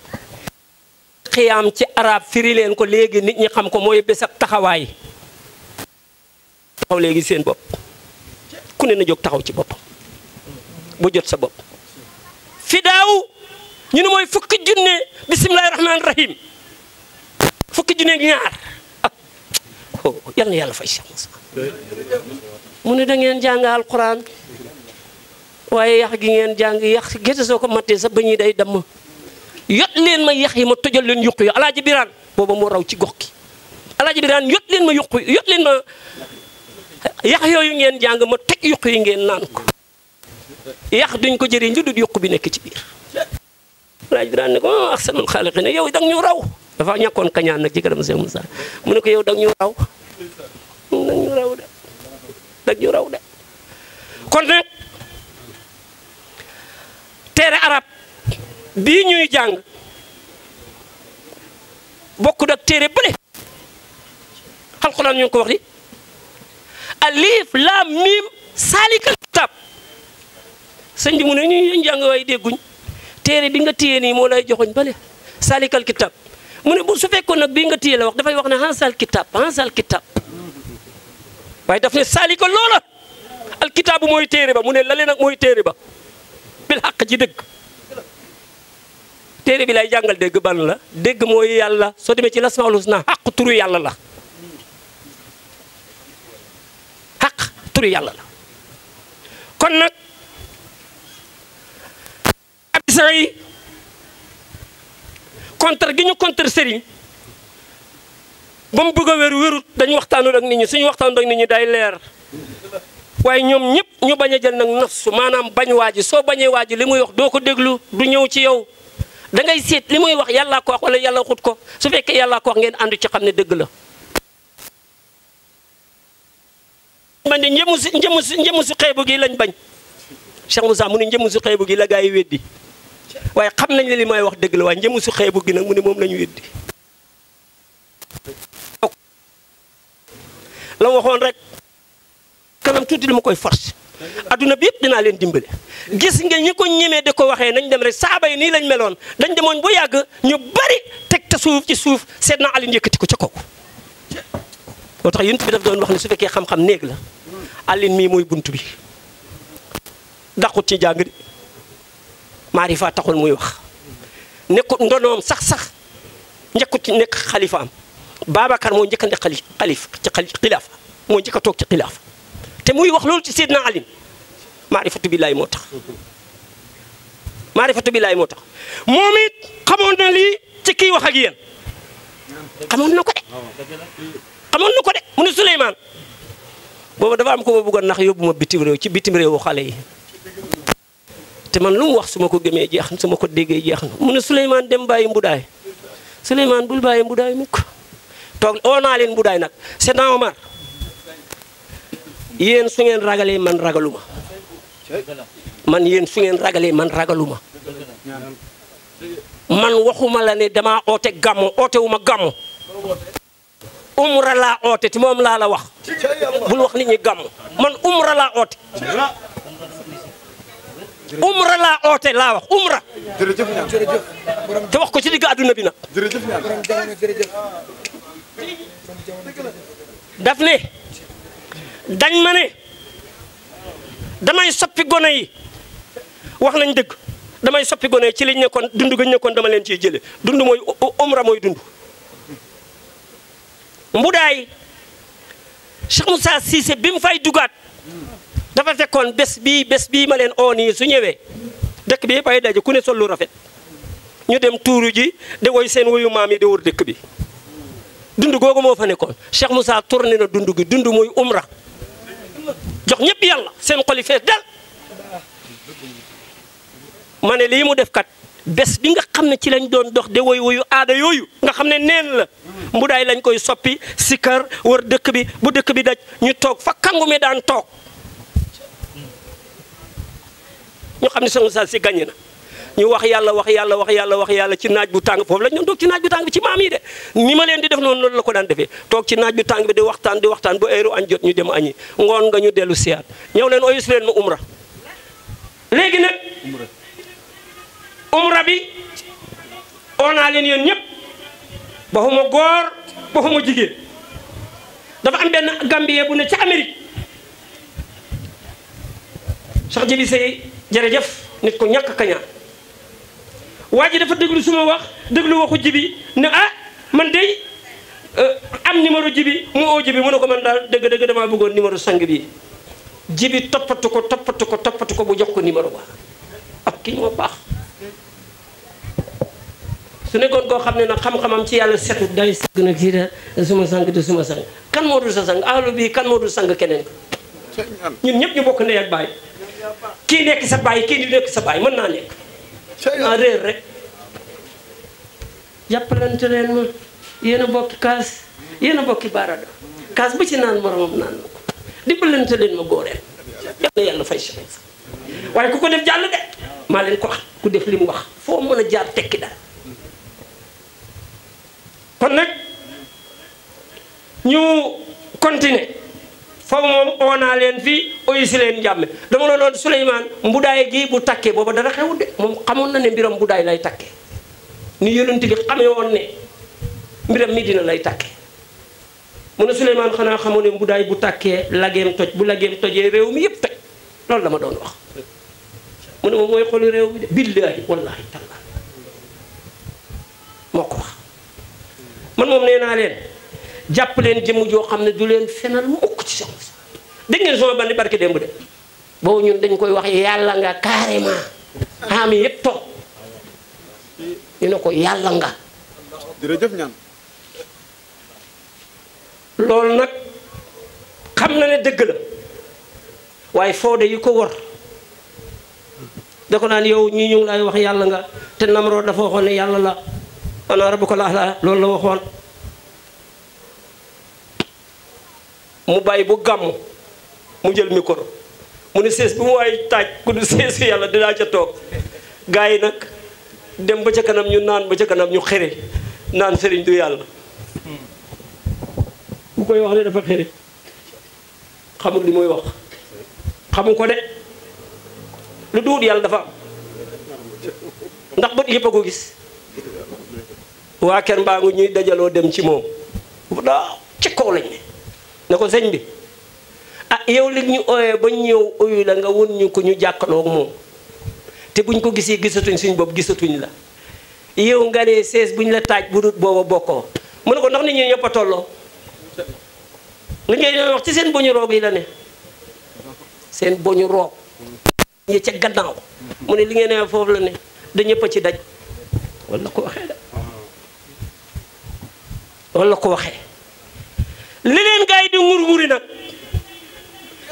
Speaker 1: xiyaam ci arab firi leen ko léegi nit ñi xam ko mooy bésab taxawaay taxaw léegi seen bopp ku ne na jóg taxaw ci boppam bu jot sa bopp fidaaw ñu ne mooy fukki junne bisimilahi rahmaani rahim fukki junne ñaar ah, oh, yal na yàlla fa Cheikh Moussa mu ne da ngeen jàng alquran waaye yax gi ngeen jàng yax gerte soo ko mattee sa bañ yi day damm yot leen ma yax yi ma tojal leen yuq yi alaaji biraan booba moo raw ci gox gi alaaji biraan yot leen ma yuq yot leen ma yax yooyu ngeen jàng ma teg yuq yi ngeen naan ko yàq duñ ko jëriñ lu dul yokk bi nekk ci biir. laaj bi daan ne ko ah axsanul xaaliqiin yow da ñu raw dafa ñàkkoon kañaan nag ci kanam Seex Musa mu ne ko yow da nga ñu raw de kon nag téere arab bii ñuy jàng bokkut ak téere bële alxuraan ñu ngi ko wax di alif laam miim saalikal kitaab sëñ bi mu ne ñu ñu jàng waaye dégguñ téere bi nga téye nii moo lay joxoñ bale salikal kitab mu ne bu su fekkoon nag bi nga téye la wax dafay wax ne hansal kitab hansal kitab waaye daf ne salikal loola al kitaabu mooy téere ba mu ne lale nag mooy téere ba bil xaq ji dëgg téere bi lay jàngal dégg ban la dégg mooy yàlla soo demee ci lasmaul husna xaq turu yàlla la xaq turu yàlla la kon nag sëriñ yi contre gi ñu contre sëriñ ba mu bëgg a wéru dañ dañu waxtaanul ak nit ñi suñu waxtaanul ak nit ñi day leer waaye ñoom ñëpp ñu bañ a jël nag nafsu maanaam bañ waaj soo bañee waa ji li muy wax doo ko déglu du ñëw ci yow dangay seet li muy wax yàllaa ko wax yàlla xut ko su fekkee yàllaa ko ngeen àndu ci xam ne dëgg la man de njëmu si njëmu si njëmu si xeebu gi lañ bañ Cheikh Moussa mu ne njëmu si xeebu gi la gaa yi weddi waaye xam nañ ne li may wax dëgg la waaye njëmu su xëy bu gi nag mu ne moom la ñu weddi la waxoon rek kanam tuuti li ma koy force adduna bi yëpp dinaa leen dimbale gis nga ñi ko ñemee di ko waxee nañ dem rek saaba yi nii lañ meloon dañ demoon bu yàgg ñu bari teg te suuf ci suuf seet na Alioune yëkkati ko ca kooku moo tax yunt bi daf doon wax ne su fekkee xam-xam néeg la Alioune mii mooy bunt bi daqut ci jàng de maarifa taxul muy wax nekkut ndonoom sax sax njëkkut ci nekk xalifaam Babacar moo njëkk a nekk xalif ci xilaafa moo njëkk a toog ci te muy wax loolu ci Seydina Ali maarifatu moo tax maarifatu billaahi moo tax moom it xamoon na lii ci wax ak yéen xamoon na ko de xamoon na ko de mu ne Souleymane booba dafa am ko ma bëggoon nax yóbbu ma bitim réew ci bitim réewu xale yi te man lu wax su ma ko gëmee jeex na su ko déggee jeex na mu ne dem bàyyi mbudaay bul mbuday len mbuday nak c'est Omar yeen su ngeen ragalé man ragaluma man yeen su ngeen ragalé man ragaluma man waxuma la né dama oté gamu, oté wuma gamu. umra la oté ti mom la la wax bul wax nit ñi gamu man umra la oté umra laa oote laa wax umra. jërëjëf ñaan te wax ko ci digg adduna bi nag. jërëjëf ñaan ne dañ ma ne damay soppi gone yi wax nañ dëgg damay soppi gone yi ci liñ nekkoon dund gañ nekkoon dama leen ciy jële dund mooy umra mooy dund mbudaay Cheikh Moussa Cissé bi mu fay dugaat dafa fekkoon bés bii bés bii ma leen oo su ñëwee dëkk bi bay daje ku ne sol lu rafet ñu dem tuuru ji di woy seen woyu maam yi di wër dëkk bi dund googu moo fa nekkoon Cheikh Moussa tourné na dund gi dund muy umra jox ñëpp yàlla seen xol yi fees dal ma ne lii mu def kat bés bi nga xam ne ci lañ doon dox de woy woyu aada yooyu nga xam ne neen la mbudaay lañ koy soppi sikkar wër dëkk bi bu dëkk bi daj ñu toog fa kangu mi daan toog ñu xam ne Cheikh Moussa Sy gagné na ñu wax yàlla wax yàlla wax yàlla wax yàlla ci naaj bu tàng foofu lañ doon toog ci naaj bu tàng bi ci maam yi de ni ma leen di def noonu noonu la ko daan defee toog ci naaj bu tàng bi di waxtaan di waxtaan ba heure añ jot ñu dem añi ngoon nga ñu dellu siyaat ñëw leen oyus leen ma umra léegi nag umra bi oonaa leen yéen ñëpp baxuma góor baxuma jigéen dafa am benn gambiyee bu ne ci Amérique sax jëli say jërëjëf nit ko ñak kaña waji dafa deglu suma wax deglu waxu jibi ne ah man dey eh, am numéro jibi mu o jibi mu ne ko man dal deug deug dama bëggoon numéro sang bi jibi topatu ko topatu ko topatu ko bu jox ko numéro ba ak ki mo bax su ne koo xam ne na xam-xamam ci yalla setu day sëgg na kii da suma sang tu suma sang kan mo do sang ahlu bi kan mo do sang kenen ñun ñep ñu bok ne ak baay kii nekk sa baay kii di nekk sa baay mën naa nekk en réer rek jàppalante leen ma yéen a bokki kaas yéen a bokki baarada kaas bu ci naan moromam naan ma ko dimbalante leen ma góoreel yàlla yàlla fay si waaye ku ko def jàll de maa leen ko wax ku def li mu wax foo mën a jaar tekki daal kon nag ñu continuer foofu moom oo naa leen fii oyisi leen jàmme dama la doon Souleymane mbudaay gi bu takkee boobu dara xewut de moom xamoon na ne mbiram mbudaay lay takke ni yonent gi xamee woon ne mbiram mi dina lay takke mun ne Souleymane xanaa xamoon ne mbudaay bu takkee lageem toj bu lageem tojee réew mi yëpp toj loolu dama doon wax mu ne moom mooy xolu réew mi de billaahi wallaahi tallaahi moo ko wax man moom nee naa leen jàpp leen jëmm joo xam ne du leen fenal mukk ci soxna si dégg ngeen sama bandi barke démb de boobu ñun dañ koy wax yàlla nga carrément am yëpp toog ñu ne ko yàlla nga jërëjëf ñaan nag xam na ne dëgg la waaye foode yi ko war da ko naan yow ñi ñu ngi laay wax yàlla nga te namroo dafa waxoon ne yàlla la ana rabbuka la loolu la waxoon mu bàyyi bu gàmm mu jël micro mu ne sées bi mu waay taaj ku du seesu yàlla dinaa ca toog gars yi nag dem ba ca kanam ñu naan ba ca kanam ñu xëre naan sëriñ du yàlla bu koy wax ne dafa xëre xamul li muy wax xamu ko de lu duut yàlla dafa am ndax bët yëpp a ko gis waa ker mbaa ngi ñuy dajaloo dem ci moom daa ci kaw lañ ne na ko sëñ bi ah yow li ñu ooyee ba ñëw uyu la nga won ñu ko ñu jàkkaloo ak moom te buñ ko gisee gisatuñ suñ bopp gisatuñ la yow nga ne sees buñ la taaj bu dut booba bokkoo mu ne ko ndax nit ñi ñëpp a tolloo li ngay wax ci seen boñu roog yi la ne seen boñu roog ñi ca gannaaw mu ne li ngeen foofu la ne da ñëpp a ci daj
Speaker 2: wala ko waxee da
Speaker 1: wala ko waxee li leen gars yi di ngur-nguri nag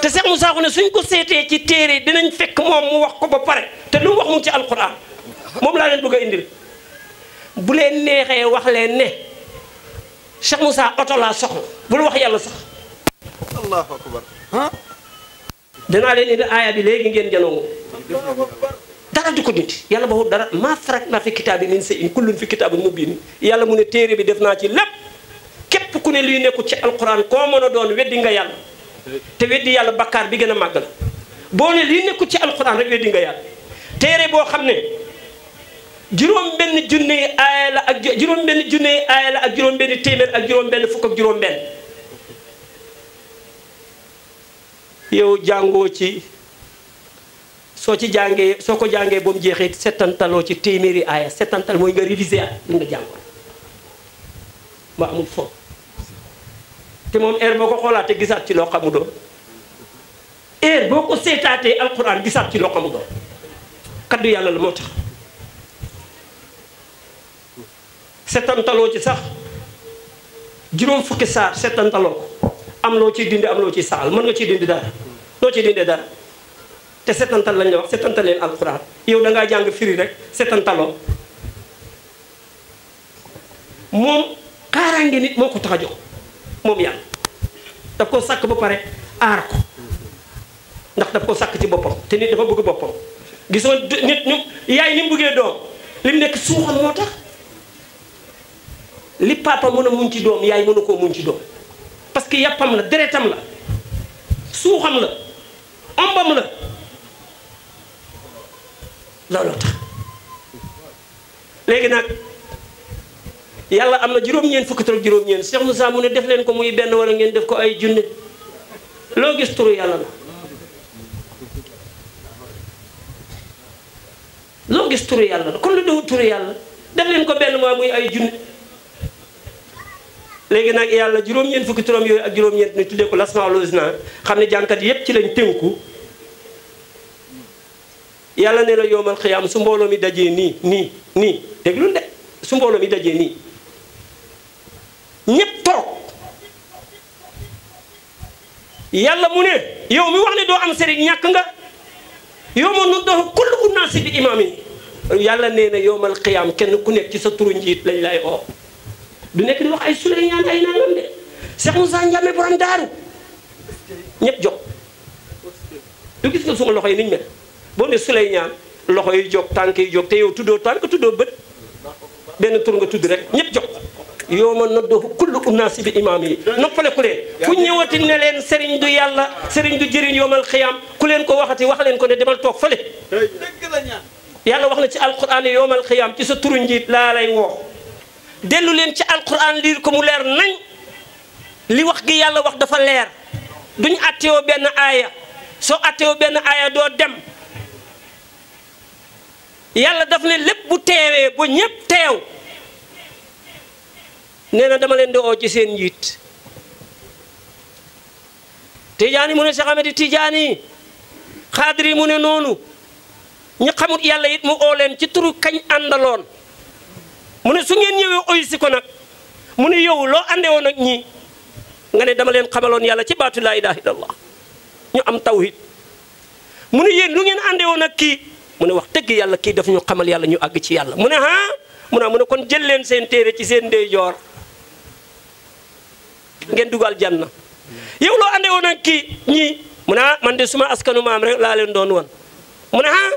Speaker 1: te Cheikh Moussa Koné suñ ko seetee ci téere dinañ fekk moom mu wax ko ba pare te lu mu wax mu ci alquran moom laa leen bëgg a indil bu leen neexee wax leen ne Cheikh Moussa oto laa soxla bul wax yàlla sax. allahu akbar ah. danaa leen indi aaya bi léegi ngeen janoo dara di ko nit yàlla ba dara maa farat naa fi kitaab bi min sa in kullun fi kitaabin mubiin yàlla mu ne téere bi def naa ci lépp. ku ne luy nekku ci alquran koo mën a doon weddi nga yàlla te weddi yàlla bakkaar bi gën a màgg la boo ne luy nekku ci alquran rek weddi nga yàlla téere boo xam ne juróom benn junne yi aaya la ak juróom benn junne yi aaya ak juróom benn téeméer ak juróom fukk ak juróom benn yow jàngoo ci soo ci jàngee soo ko jàngee ba jeexee setantaloo ci téeméeri aaya settantal mooy nga révisé at li nga jàngoon te moom heure boo ko xoolaatee gisaat ci loo xamu doon heure boo ko seetaatee alxuraan gisaat ci loo xamu doon kaddu yàlla la moo tax setantaloo ci sax juróom fukki saar setantaloo ko am loo ciy dindi am loo ciy saal mën nga ciy dindi dara loo ciy dindi dara te setantal lañ la wax setantaleen alxuraan yow da ngaa jàng firi rek setantaloo moom xaaraange nit moo ko tax a jox moom yàlla daf koo sàkk ba pare aar ko ndax daf ko sàkk ci boppam te nit dafa bëgg boppam gisoo nit ñu yaay ni mu bëggee doom li mu nekk suuxam moo tax li papa mën a muñ ci doom yaay a koo muñ ci doom parce que yàppam la deretam la suuxam la ombam la looloo tax léegi nag yàlla am na juróom-ñeent fukki tur juróom-ñeent Cheikh Moussa ne def leen ko muy benn wala ngeen def ko ay junne loo gis turu yàlla la loo gis turu yàlla la kon lu dewul turu yàlla def leen ko benn mooy muy ay junne léegi nag yàlla juróom-ñeent fukki turam yooyu ak juróom-ñeent ñu tuddee ko lasmaul naa xam ne jànkat yépp ci lañ tënku yàlla ne la yoomal xiyaam su mbooloo mi dajee nii nii nii déglul de su mbooloo mi dajee nii ñépp toog yàlla mu ne yow mi wax ne doo am sëriñ ñàkk nga yow ma nun dafa kullu naasi bi imaam yi yàlla nee na yowmal qiyaam kenn ku nekk ci sa turu njiit lañ lay oo du nekk di wax ay Souleymane ay nangam de Cheikh Moussa Ndiame borom daaru ñëpp jox du gis nga suma loxo yi niñ mel boo ne ñaam loxo yi jóg tànk yi jox te yow tuddoo tànk tuddoo bët benn tur nga tudd rek ñëpp jóg يوم نده كل الناس بإمامه نقبل كله فني وتن لين سرين دو يلا سرين دو جرين يوم القيام كلن كو وقتي وخلن كن دمال توك فلي يلا وخلن تي القرآن يوم القيام تي سترون جيت لا لا يو دلو لين تي القرآن ليركم لير نين لي وقت يلا وقت دفع لير دنيا أتيو بين آية سو أتيو بين آية دو دم يلا دفن لب بو تيوي بو نيب تيوي nee na dama leen di oo ci seen njiit tijaani mu ne Cheikh Ahmed Tijaani xaadiri mu ne noonu ñi xamut yàlla it mu oo leen ci turu kañ àndaloon mu ne su ngeen ñëwee oysi ko nag mu ne yow loo ànde woon ak ñii nga ne dama leen xamaloon yàlla ci baatu laa ilaha illallah ñu am tawhid mu ne yéen lu ngeen ànde woon ak kii mu ne wax dëgg yàlla kii daf ñu xamal yàlla ñu àgg ci yàlla mu ne ah mu ne ah, mu ne kon jël leen seen téere ci seen ndeyjoor ngeen dugal janna yow loo àndee woon ak kii ñii mu ne ah, man de suma askanu maam rek laa leen doon wan mu ne ah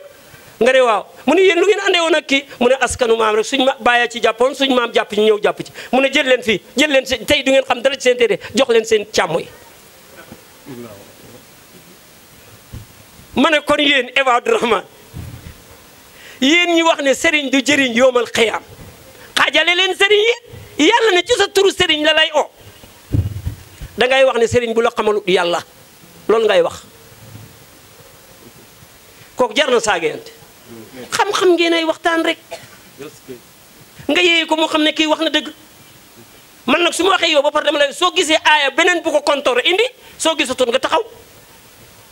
Speaker 1: nga waaw mu ne yéen lu ngeen àndee woon ak kii mu ne askanu maam rek suñ ma bàyyi ci jàppoon suñ maam jàpp ñu ñëw jàpp ci mu ne jël leen fii jël leen tey du ngeen xam dara ci jox leen seen càmm yi ne kon yéen Eva Abdourahmane yéen ñi wax ne sëriñ du jëriñ yoomal xiyaam xaajale leen sëriñ yi yàlla ne ci turu sëriñ la lay o dangay wax ne sëriñ bu la xamalut yàlla loolu ngay wax kook jar na saagante xam-xam ngeen ay waxtaan rek nga yéeye ko moo xam ne kii wax na dëgg man nag su ma waxee yow ba pare dama lay soo gisee aaya beneen bu ko kontoor indi soo gisatul nga taxaw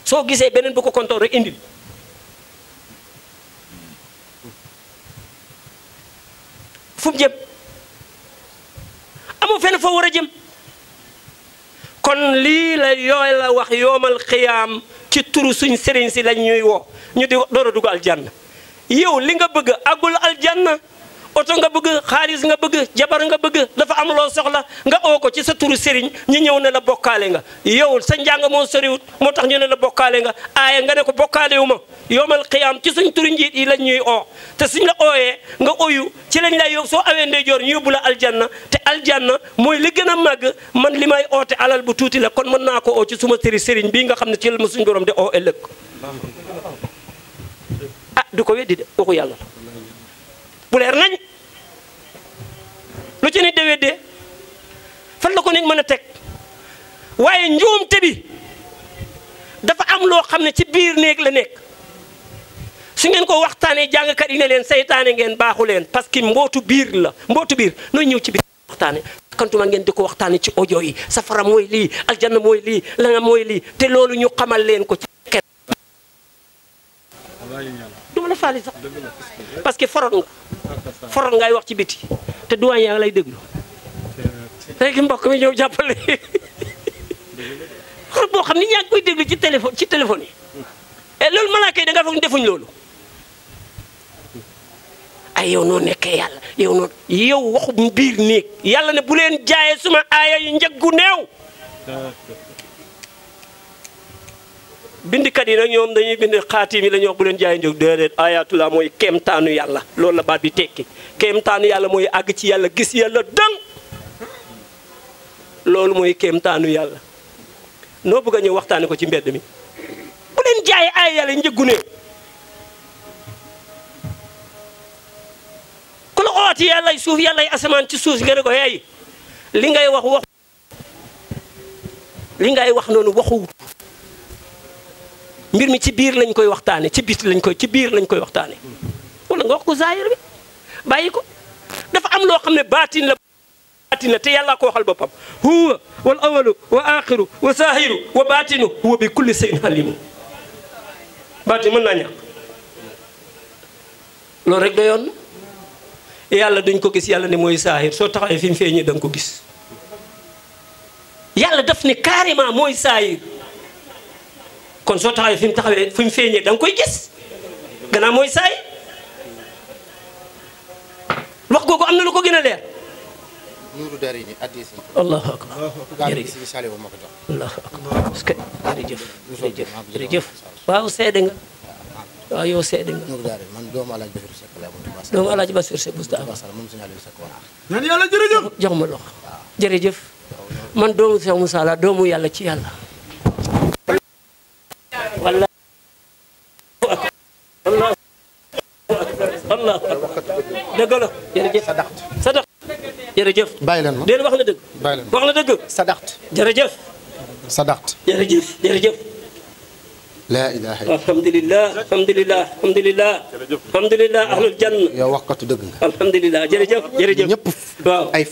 Speaker 1: soo gisee beneen bu ko kontoor indi fu mu jëm amoo fenn foo war a jëm kon lii la yooy la wax yoomal xiyaam ci turu suñ sëriñ si lañ ñuy woo ñu di door a dugg aljanna yow li nga bëgg agul aljanna oto nga bëgg xaalis nga bëgg jabar nga bëgg dafa am loo soxla nga oo ko ci sa turu sëriñ ñu ñëw ne la bokkaale nga yow sa njàng moo soriwut moo tax ñu ne la bokkaale nga aaye nga ne ko bokkaale wu ma yoomal xiyaam ci suñ turu njiit yi la ñuy oo te suñ la ooyee nga oyu ci lañ lay yow soo awee ndeyjoor ñu yóbbu la aljanna te aljanna mooy li gën a màgg man li may oote alal bu tuuti la kon mën naa ko oo ci suma sëri sëriñ bii nga xam ne ci la ma suñ borom di oo ëllëg ah du ko weddi de lu ci nit de weddee fan la ko nit mën a teg waaye njuumte bi dafa am loo xam ne ci biir néeg la nekk su ngeen ko waxtaanee jàngkat yi ne leen seytaane ngeen baaxu leen parce que mbootu biir la mbootu biir nooy ñëw ci biir waxtaane kantuma ngeen di ko waxtaane ci ojo yi safara mooy lii aljanna mooy lii lana mooy lii te loolu ñu xamal leen ko ci ket faale sax parce que foroon nga foroon ngay wax ci biti te doyen yaa ngi lay déglu léegi mbokk mi ñëw jàppale boo xam ni ñaa ngi koy déglu ci téléphone ci téléphone yi et eh, loolu malaaka yi foog ñu defuñ loolu ay yow noo nekkee yàlla yow noonu yow waxu biir néeg yàlla ne bu leen jaayee suma aaya yi njëggu néew bindkat yi nag ñoom dañuy bind xaatim yi la wax bu leen jaay njëg déedéet ayatullah mooy kéemtaanu yàlla loolu la baat bi tekki kéemtaanu yàlla mooy àgg ci yàlla gis yàlla dang loolu mooy kemtaanu yàlla noo bëgg a ñëw waxtaane ko ci mbedd mi bu leen jaay ay yàlla njëggu ne ku la ooti yàllay suuf yàllay asamaan ci suuf nga ne ko hey li ngay wax wax li ngay wax noonu waxu mbir mi ci biir lañ koy waxtaane ci bit lañ koy ci biir lañ koy waxtaane wala nga wax ko zaahir bi bàyyi ko dafa am loo xam ne baatin la baatin te yàlla ko waxal boppam huwa wal awalu wa axiru wa zaahiru wa baatinu huwa bi kulli shay'in alimu baatin mën naa ñàkk loolu rek da yoon yàlla duñ ko gis yàlla ne mooy saahir soo taxawee fi mu feeñee da ko gis yàlla daf ne carrément mooy saahir kon soo taxawee fi mu taxawee fu feeñee da nga koy gis gannaaw mooy saay wax googu am na lu ko gën a leer. nuuru dara
Speaker 2: yi addee si. allahu akbar jërëjëf
Speaker 1: allahu akbar parce que
Speaker 2: jërëjëf jërëjëf jërëjëf
Speaker 1: waaw seede nga ah, ah. waaw yow seede nga. nuuru dara man doomu Alaaji Basiru Sekk laa moom. doomu Alaaji Basiru Sekk Moustapha. ñaan yàlla jërëjëf. jox ma loxo ah. jërëjëf man doomu Seex Musaa la doomu yàlla ci yàlla. لا اله الا الله الحمد لله الحمد لله الحمد لله الحمد لله اهل الجنه
Speaker 2: يا وقت دغ
Speaker 1: الحمد لله جرجف جرجف نيب اي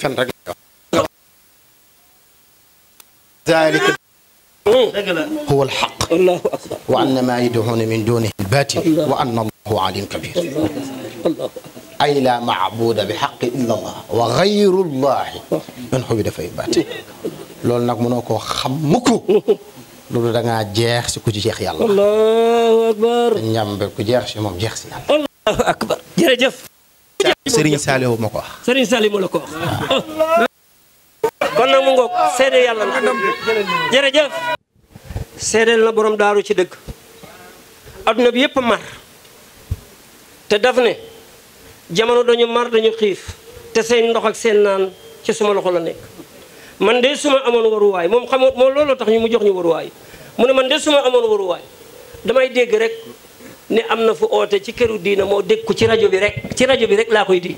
Speaker 1: ذلك
Speaker 2: هو الحق الله اكبر وان ما يدعون من دونه الباطل وان الله عليم كبير ay la maabuda bi xaqi illa allah wa gayrullahi xubi dafay baati loolu nag mënoo ko xam mukk loolu da ngaa jeex si ku ci jeex yàlla allahu akbar ku jeex si moom jeex si yàlla allahu akbar ko wax sëriñ
Speaker 1: ko wax kon la jërëjëf seedeel na borom daaru ci dëgg adduna bi yëpp mar te daf ne jamono dañu mar dañu xiif te seen ndox ak seen naan ci suma loxo la nekk man de suma amoon waruwaay moom xamoo moom looloo tax ñu mu jox ñu waruwaay mu ne man de suma amoon waruwaay damay dégg rek ne am na fu oote ci këru diina moo dégg ko ci rajo bi rek ci rajo bi rek laa koy dégg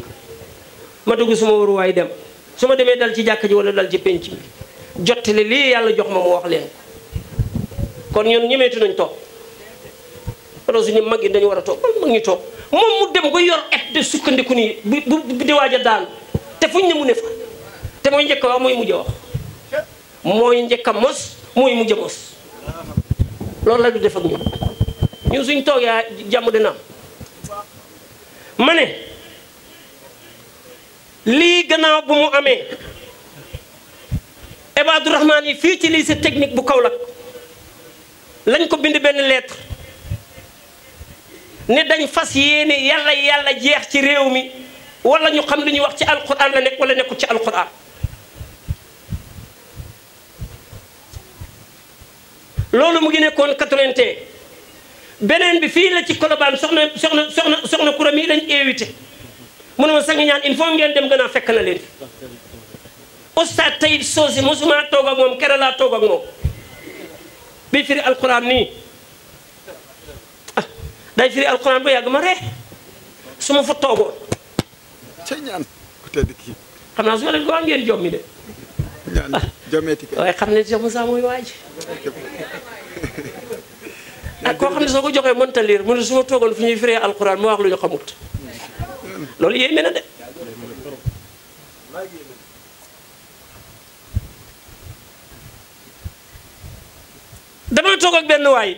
Speaker 1: ma dugg suma waruwaay dem su ma demee dal ci jàkka ji wala dal ci penc bi jottali lii yàlla jox ma mu wax leen kon ñun ñemeetu nañ toog alors suñu mag yi dañu war a toog mag ñu toog moom mu dem ba yor et sukkandiku nii bu bu di waaj daanu te fuñ ne mu ne fa te mooy njëkk a wax mooy mujj a wax mooy njëkk a mos mooy mujj a mos loolu la du def ñun ñun suñ toog yaa ah, jàmm dina am ma ne lii gannaaw bu mu amee Eba Abdourahmane yi fii ci lycée technique bu Kaolack lañ ko bind benn lettre ne dañ fas yéene yàlla yàlla jeex ci réew mi wala ñu xam li ñuy wax ci alquran la nekk wala nekkul ci alquran loolu mu ngi nekkoon 80 beneen bi fii la ci Colobane soxna soxna soxna soxna kuram yi lañ invité mu ne ma sang ñaan il faut ngeen dem gën a fekk na leen oustaz Tayib Socé mosuma toog ak moom kere laa toog ak moom bi firi alquran nii. day firi alxuraan bu yàgg ma ree su ma fa toogoon. ñaan ku tedd kii. xam naa su ma leen ko wax ngeen jom de. waaye xam ne Cheikh Moussa mooy waa ak koo xam ne soo ko joxee mënta liir mu ne su ma toogoon fu ñuy firee alxuraan mu wax lu ñu xamut loolu yéeme na de. dama toog ak benn waay.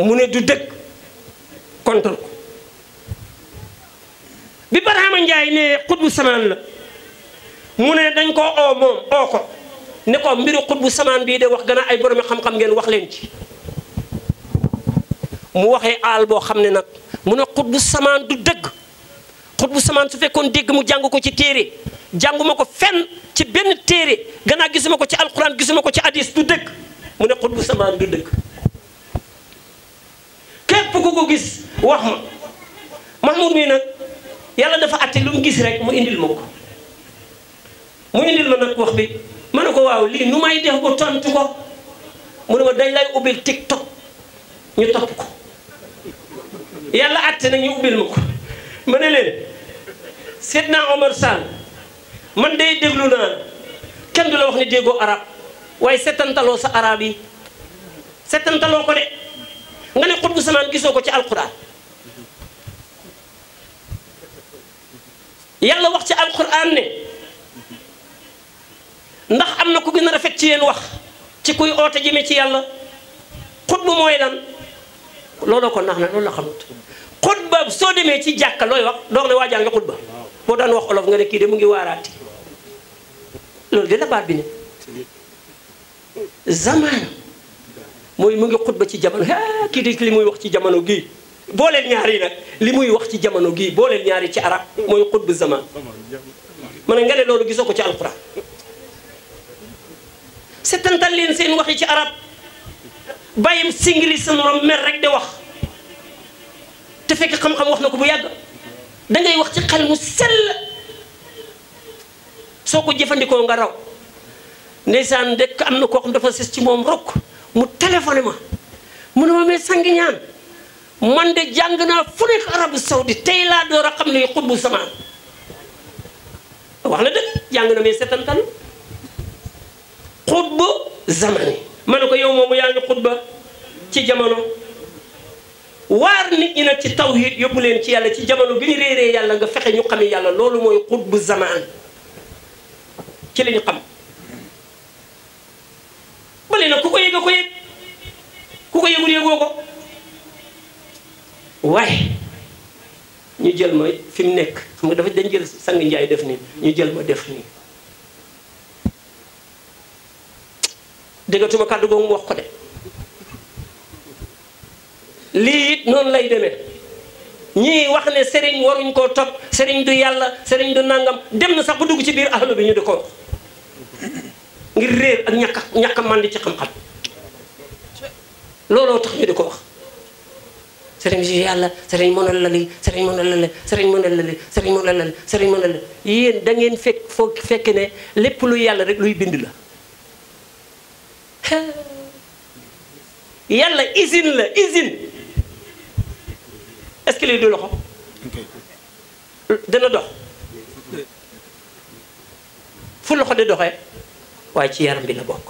Speaker 1: mu ne du dëkk contre ko bi Barhama Njaay ne xutbu samaan la mu ne dañ koo oo moom oo ko ne ko mbiru xutbu samaan bii de wax gën ay borome xam-xam ngeen wax leen ci mu waxee aal boo xam ne nag mu ne xutbu samaan du dëkk xutbu samaan su fekkoon dégg mu jàng ko ci téere jànguma ko fenn ci benn téere gannaaw gisuma ko ci alxuraan gisuma ko ci hadis du dëkk mu ne xutbu samaan du dëgg képp ku ko gis wax ma Mahmoud mii nag yàlla dafa àtte lu mu gis rek mu indil ma ko mu indil ma nag wax bi ma ne ko waaw lii nu may def ba tontu ko mu ne ma dañ lay ubbil tiktok ñu topp ko yàlla àtte na ñu ubbil ma ko ma ne leen Seydina Omar Sall man day déglu naa kenn du la wax ne déggoo arab waaye setantaloo sa araab yi setantaloo ko de nga ne xutbu samaan gisoo ko ci alquran yàlla wax ci alquran ne ndax am na ku gën a rafet ci yéen wax ci kuy oote jëme ci yàlla xutbu mooy lan looloo ko nax na loolu la xamut xutba soo demee ci jàkka looy wax doog ne waajaa ngi xutba boo daan wax olof nga ne kii de mu ngi waaraati loolu de la baat bi ne zamaan mooy mu ngi xutba ci jamono ah kii di li muy wax ci jamono gii booleel ñaari nag li muy wax ci jamono gii boo leen ñaari ci arab mooy xutbu zaman ma ne nga ne loolu gisoo ko ci alquran setantal leen seen wax waxi ci arab bàyyim singili sa morom mer rek di wax te fekk xam-xam wax na ko bu yàgg dangay wax ci xel mu sell soo ko jëfandikoo nga raw ndeysaan dëkk am na koo xam dafa sës ci moom rokk mu téléphoné ma mu ne sangi ñaan man de jàng naa fu nekk arabu saudi tey laa door a xam ne xutbu samaan wax la dëgg jàng na mais setantal xutbu zamani ma ne ko yow moom yaa ngi xutba ci jamono waar nit ñi nag ci tawhid yóbbu leen ci yàlla ci jamono bi ñu réeree yàlla nga fexe ñu xamee yàlla loolu mooy xutbu zamaan ci la ñu xam bële na ku ko yëg ko yëg ku ko yëgul yëgoo ko waaye ñu jël ma fi mu nekk xam nga dafa dañ jël sang njaay def nii ñu jël ma def nii déggatuma kàddu googu mu wax ko de lii it noonu lay demee ñii wax ne sëriñ waruñ koo topp sëriñ du yàlla sëriñ du nangam dem na sax bu dugg ci biir ahlu bi ñu di ko ngir réer ak ñàkk ñàkk a màndi ci xam-xam looloo tax ñu di ko wax sëriñ bi yàlla sëriñ mën a lali sëriñ mën a lali sëriñ mën a lali sëriñ mën a lali sëriñ mën a lali da ngeen fekk foo fekk ne lépp lu yàlla rek luy bind la yàlla usine la usine est-ce du loxo dana dox fu loxo di doxee waaye ci yaram bi la bokk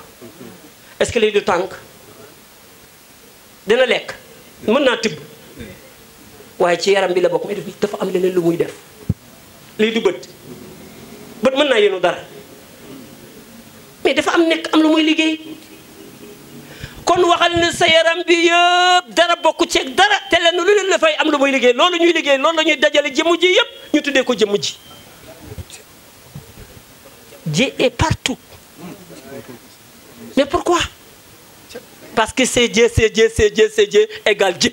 Speaker 1: est que lii du tànk dina lekk mën naa tibb waaye ci yaram bi la bokk mais dafa am leneen lu muy def lii du bët bët mën naa yenu dara mais dafa am nekk am lu muy liggéey kon waxal ne sa yaram bi yëpp dara bokku ceeg dara te lenn lu leen dafay am lu muy liggéey loolu ñuy liggéey loolu la ñuy dajale jëmm ji yëpp ñu tuddee ko jëmm ji ji est partout Mais pourquoi Parce que c'est Dieu, c'est Dieu, c'est Dieu, c'est Dieu, égale Dieu.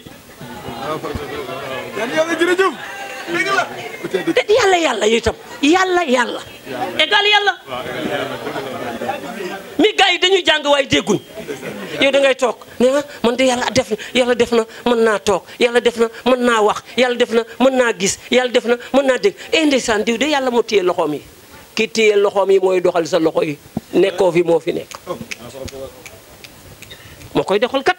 Speaker 1: Yalla yàlla yàlla yalla itam yàlla yàlla égal yàlla mi gay yi dañuy jàng waaye dégguñ yow da ngay tok ne ah, man de yalla def yalla def na man na tok yalla def na man na wax yalla def na man na gis yalla def na man na dégg e ndeysaan diw de yàlla moo téye loxoom yi ki téye loxom yi moy doxal sa loxo yi nekkoo fi moo fi nekk moo koy doxal kat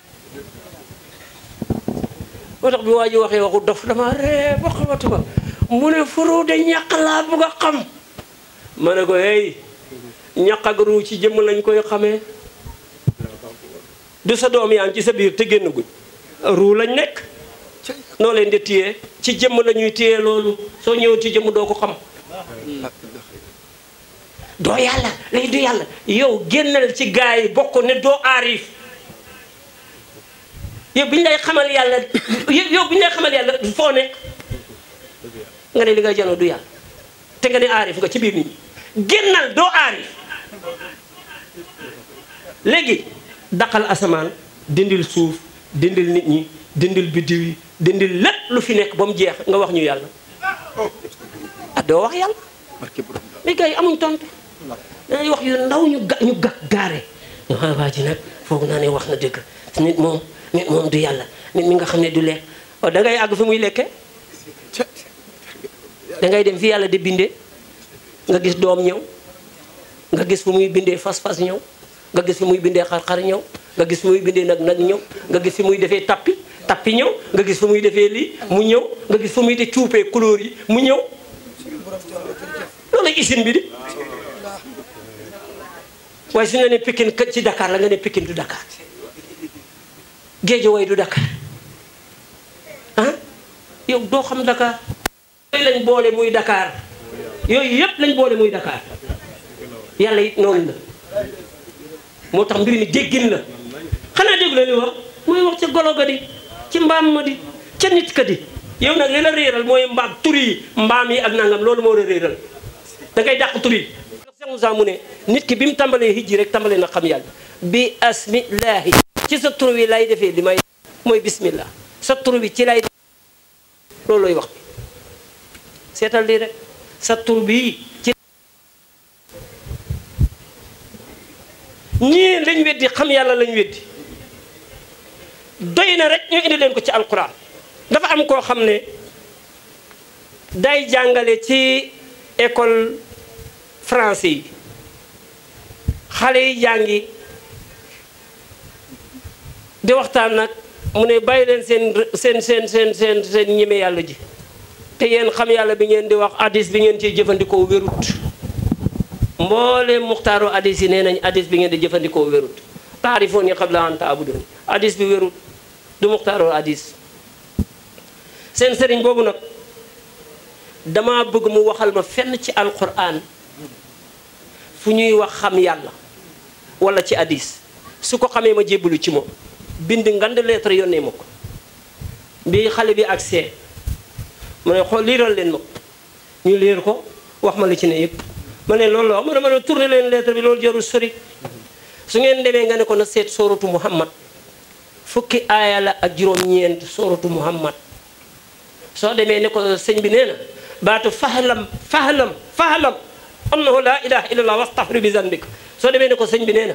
Speaker 1: moo tax bi waa waxee waxu dof dama ree ba xamatuma mu ne furu de ñàq laa bugg a xam mane ko hey ñàq ak ruu ci jëmm lañ koy xamee du sa doom yaa ci sa biir te génn guñ ruu lañ nekk noo leen di téye ci jëmm la ñuy téye loolu soo ñëwee ci jëmm doo ko xam doo yàlla lay du yàlla yow génnal ci gaa yi bokk ne doo aarif yow bi ñu lay xamal yàlla yow bi ñu lay xamal yàlla foo ne nga ne li ngay janoo du yàlla te nga ne aarif nga ci biir nit ñi génnal doo aarif léegi daqal asamaan dindil suuf dindil nit ñi dindil biddiw yi dindil lépp lu fi nekk ba mu jeex nga wax ñu yàlla ah doo wax yàlla mais gars yi amuñ tontu danañ wax yu ndaw ñu ga ñu gàk gaare waa waa naa ne wax na dëgg nit moom nit moom du yàlla nit mi nga xam ne du lekk waaw oh, da ngay àgg fi muy lekke da dem fi yàlla di bindee nga gis doom ñëw nga gis fu muy bindee fas-fas ñëw nga gis fi muy bindee xar-xar ñëw nga gis fi muy bindee nag nag ñëw nga gis fi muy defee tappi tappi ñëw nga gis fi muy defee lii mu ñëw nga gis fi muy de cuupee couleur yi mu ñëw loolu usine bi di waaye si nga ne Pikine ci dakaar la nga ne Pikine du Dakar Guédiawaye du Dakar ah yow doo xam Dakar yooyu lañ boole muy Dakar yooyu yépp lañ boole muy Dakar yàlla it noonu la moo tax mbir mi déggin la xanaa dégg la li wax muy wax ca golo ga di ci mbaam ma di ca nit ka di yow nag li la réeral mooy mbaam tur yi mbaam yi ak nangam loolu moo la réeral da ngay dàq tur Cheikh Moussa mu ne nit bi mu tàmbalee hijji rek na xam yàlla bi asmillaahi ci sa tur wi lay defee li may mooy bismillah sa tur wi ci lay loolu lay wax seetal lii rek sa tur bii ci ñii lañ weddi xam yàlla lañ weddi doy na rek ñu indi ko ci alquran dafa am koo xam ne day jàngale ci école français yi xale yi jàngi di waxtaan nag mu ne bàyyi leen seen seen seen seen seen seen ñeme yàlla ji te yéen xam yàlla bi ngeen di wax addis bi ngeen ciy jëfandikoo wérut mbooleem muxtaaru addis yi nee nañ addis bi ngeen di jëfandikoo wérut taarifoon yi qabla an taabudoon bi wérut du muxtaaroo addis seen sëriñ boobu nag dama bëgg mu waxal ma fenn ci alquran fu ñuy wax xam yàlla wala ci hadis su ko xamee ma jébbalu ci moom bind ngand lettre yónnee ma ko bi xale bi ak see ma ne xool liiral leen ma ñu liir ko wax ma la ci ne yëpp ma ne loolu la ma ne ma ne tourné leen lettre bi loolu jarul sori su ngeen demee nga ne ko na seet sooratu muhammad fukki aaya la ak juróom-ñeent sooratu muhammad soo demee ne ko sëñ bi nee na baatu fahalam fahalam fahalam annahu laa ilaha illallah wastaghfir bi zanbik soo demee ne ko sëñ bi nee na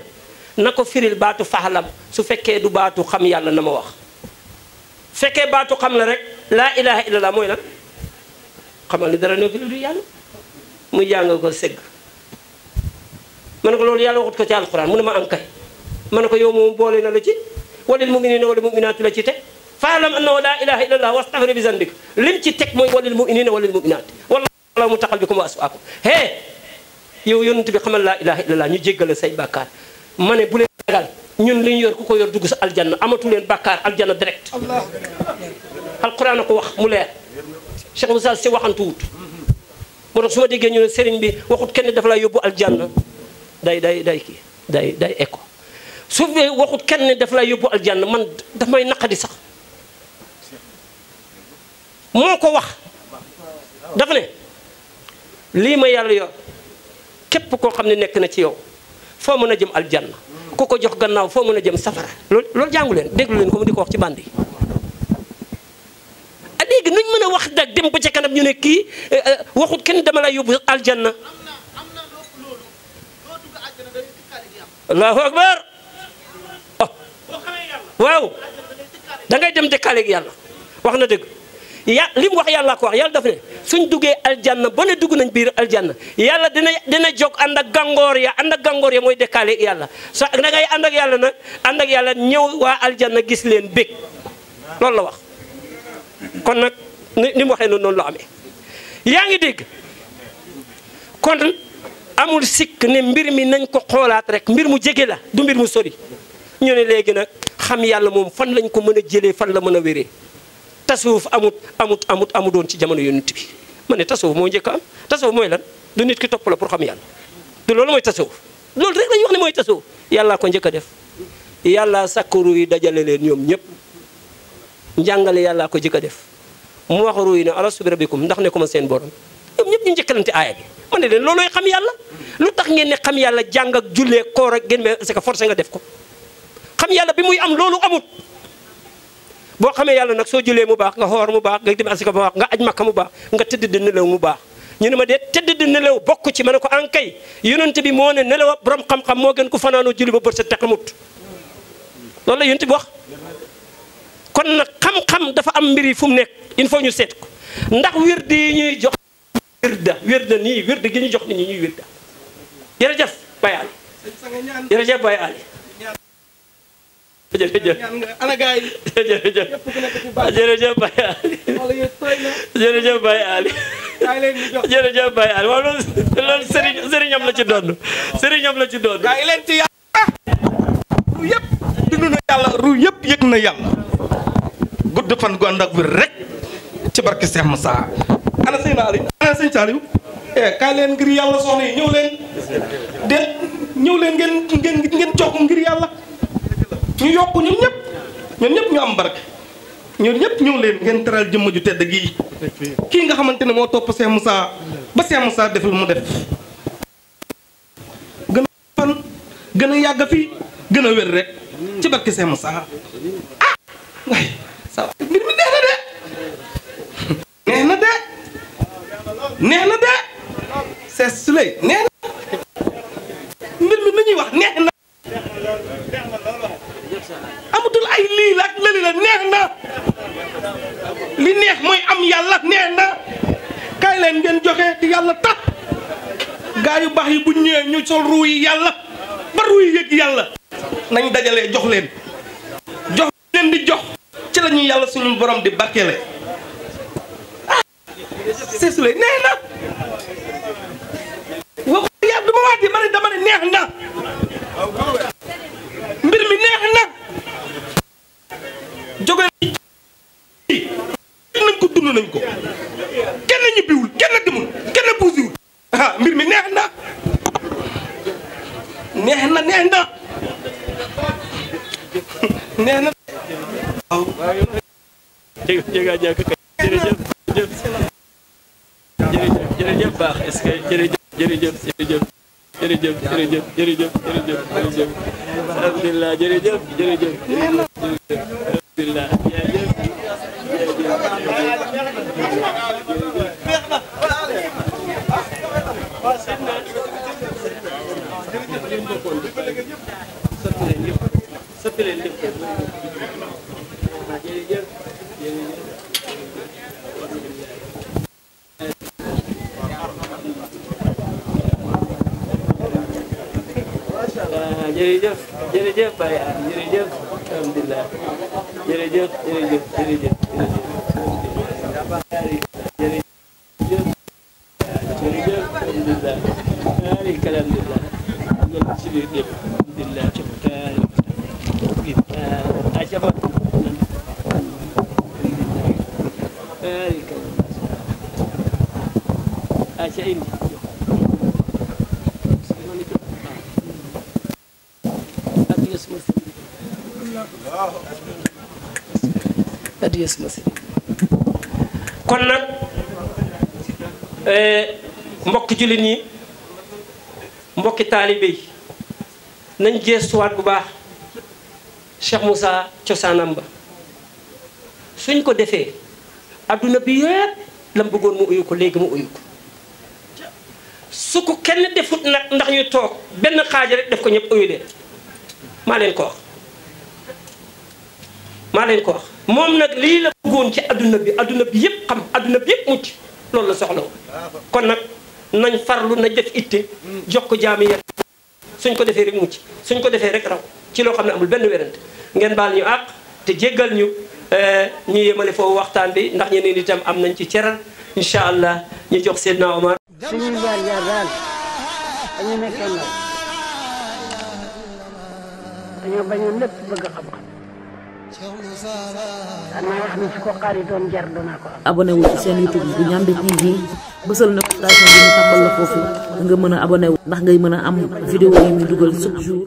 Speaker 1: na ko firil baatu faxalam su fekkee du baatu xam yàlla na ma wax fekkee baatu xam la rek laa ilaha illallah mooy lan xam ni dara ne fi lu du yàlla mu jàng ko sëgg ma ne ko loolu yàlla waxut ko ci alquran mu ne ma am kay ma ne ko yow moom boole na la ci walil muminina wala muminaatu la ci teg faalam annahu laa ilaha illallah wastaghfir bi zanbik lim ci teg mooy walil muminina walil muminaat wallahu mutaqallibakum wa aswaakum hee yow yonent bi a laa ilaha illallah ñu jéggale say bàkkaar ma ne bu leen ragal ñun li ñu yor ku ko yor dugg sa aljanna amatu leen bàkkaar aljanna direct alquran a ko wax mu leer Cheikh Moussa si waxantuwut moo tax su ma déggee ñu ne sëriñ bi waxut kenn dafa lay yóbbu aljanna day day day kii day day eco su fee waxut kenn dafa lay yóbbu aljanna man damay naqadi sax moo ko wax dafa ne lii ma yàlla yor képp koo xam ne nekk na ci yow foo mën a jëm aljanna ku ko jox gannaaw foo mën a jëm safara lool loolu jàngu leen déglu leen ko mu di ko wax ci bànd yi a léegi nuñ mën a wax dag dem ba ca kanam ñu ne kii eh, eh, waxut kenn dama lay yóbbu aljanna allahu akbar oh. waaw dangay ngay dem dëkkaaleeg yàlla wax na dëgg ya li mu wax yàllaa ko wax yàlla dafa ne suñ duggee aljanna ba dugg nañ biir aljanna yàlla dina dina jóg ànd ak gàngoor ya ànd gàngoor ya mooy dekkaale yàlla sa da ngay ànd ak yàlla na ànd yàlla ñëw waa aljanna gis leen bég loolu la wax kon nag ni mu waxee noonu noonu la amee yaa ngi dégg kon amul sikk ne mbir mi nañ ko xoolaat rek mbir mu jege la du mbir mu sori ñu ne léegi nag xam yàlla moom fan lañ ko mën a jëlee fan la mën a wéree tasawuf amut amut amut amu doon ci jamono yonent bi ma ne tasawuf moo njëkk am tasawuf mooy lan du nit ki topp la pour xam yàlla du loolu mooy tasawuf loolu rek la ñuy wax ne mooy tasawuf yàllaa ko njëkk a def yàllaa sàkkaru yi dajale leen ñoom ñëpp njàngale yàllaa ko njëkk a def mu wax ruuy ne alastu bi rabbikum ndax ne ko ma seen borom ñoom ñëpp ñu njëkkalante aaya bi ma ne leen loolooy xam yàlla lu tax ngeen ne xam yàlla jàng ak jullee koor ak ngeen mais c'est que forcé nga def ko xam yàlla boo xamee yàlla nag soo julee mu baax nga xoor mu baax nga dem asika mu baax nga aj makka mu baax nga tëdd di nelaw mu baax ñu ne ma dee tëdd di nelaw bokk ci ma ne ko ankay yonent bi moo ne nelaw ab borom xam-xam moo gën ku fanaanoo julli ba bët sa te xamut loolu la yonent bi wax kon nag xam-xam dafa am mbir yi fu mu nekk il faut ñu seet ko ndax wird di ñuy jox wirda wirda nii wird gi ñu jox nit ñi ñuy wirda jërëjëf Baye jërëjëf ana gaay jërëjëf jërëjëf Baye Ali jërëjëf Baye Ali jërëjëf Baye Ali waaw loolu loolu sëriñ sëriñam la ci doon sëriñam la ci doon gaay leen ci yàlla ru yëpp na yàlla ru yëpp na
Speaker 2: gudd fan rek ci barke Cheikh ana Ali ana eh kaay leen ngir yàlla soxna yi ñëw de ngeen ngeen ñu yokk ñun ñëpp ñu am barke ñun ñëpp ñëw leen ngeen teral jëmm ju tedd gii kii nga xamante ne moo topp Cheikh Moussa ba Cheikh Moussa def lu mu def a fan gën a wér rek ci barke Cheikh Moussa ah mbir mi neex na de neex na de neex na de c'est Souley neex na mbir mi lu ñuy wax neex na amutul ay li lak ak lëli la neex na li neex moy am yalla neex na kaay leen ngeen joxe di yalla tak gaa yu baax yi bu ñew ñu sol ruu yi yàlla ba ruu yi yëg yàlla nañ dajale jox len jox len di jox ci lañu yalla suñu borom di barkeele ah c'est neex na waxu yàlla du ma waat yi ma ne dama ne neex na jóge nañ ko dund nañ ko kenn ñibbiwul kenn demul kenn buusiwul ah mbir mi neex na neex na neex na neex na
Speaker 1: waaw jërëjëf baax est-ce que jërëjëf jërëjëf jërëjëf jërëjëf jërëjëf jërëjëf jërëjëf alhamdulilah jërëjëf jërëjëf jërëjëf jërëjëf Baye jërëjëf alhamdulilah jërëjëf jërëjëf jërëjëf jërëjëf addiyees ma si kon nag eh, mbokki jullit ñi mbokki taalibe nañ nañ geestuwaat bu baax Cheikh Moussa cosaanam ba suñ ko defee adduna bi yépp lam bëggoon mu uyu ko léegi mu uyu ko su ko kenn defut nag ndax ñu toog benn xaaja rek def ko ñëpp uyu leen maa leen ko maa leen ko moom nag lii la bëggoon ci adduna bi adduna bi yëpp xam adduna bi yëpp mucc loolu la soxla kon nag nañ farlu nañ def itte jox ko jaami yet suñ ko defee rek mucc suñ ko defee rek raw ci loo xam ne amul benn wérante ngeen baal ñu àq te jéggal ñu euh, ñu yemale foofu waxtaan bi ndax ñeneen itam am nañ ci ceral incha allah ñu jox Seydina Omar. suñuy jaar jaar daal dana wax ni su ko xari doon jar dana ko abonné wu ci seen youtube bu Ndiamé TV
Speaker 2: bësal notification bi ñu tàmbal la nga mën a abonné ndax ngay mën a am vidéo yi ñu dugal chaque jour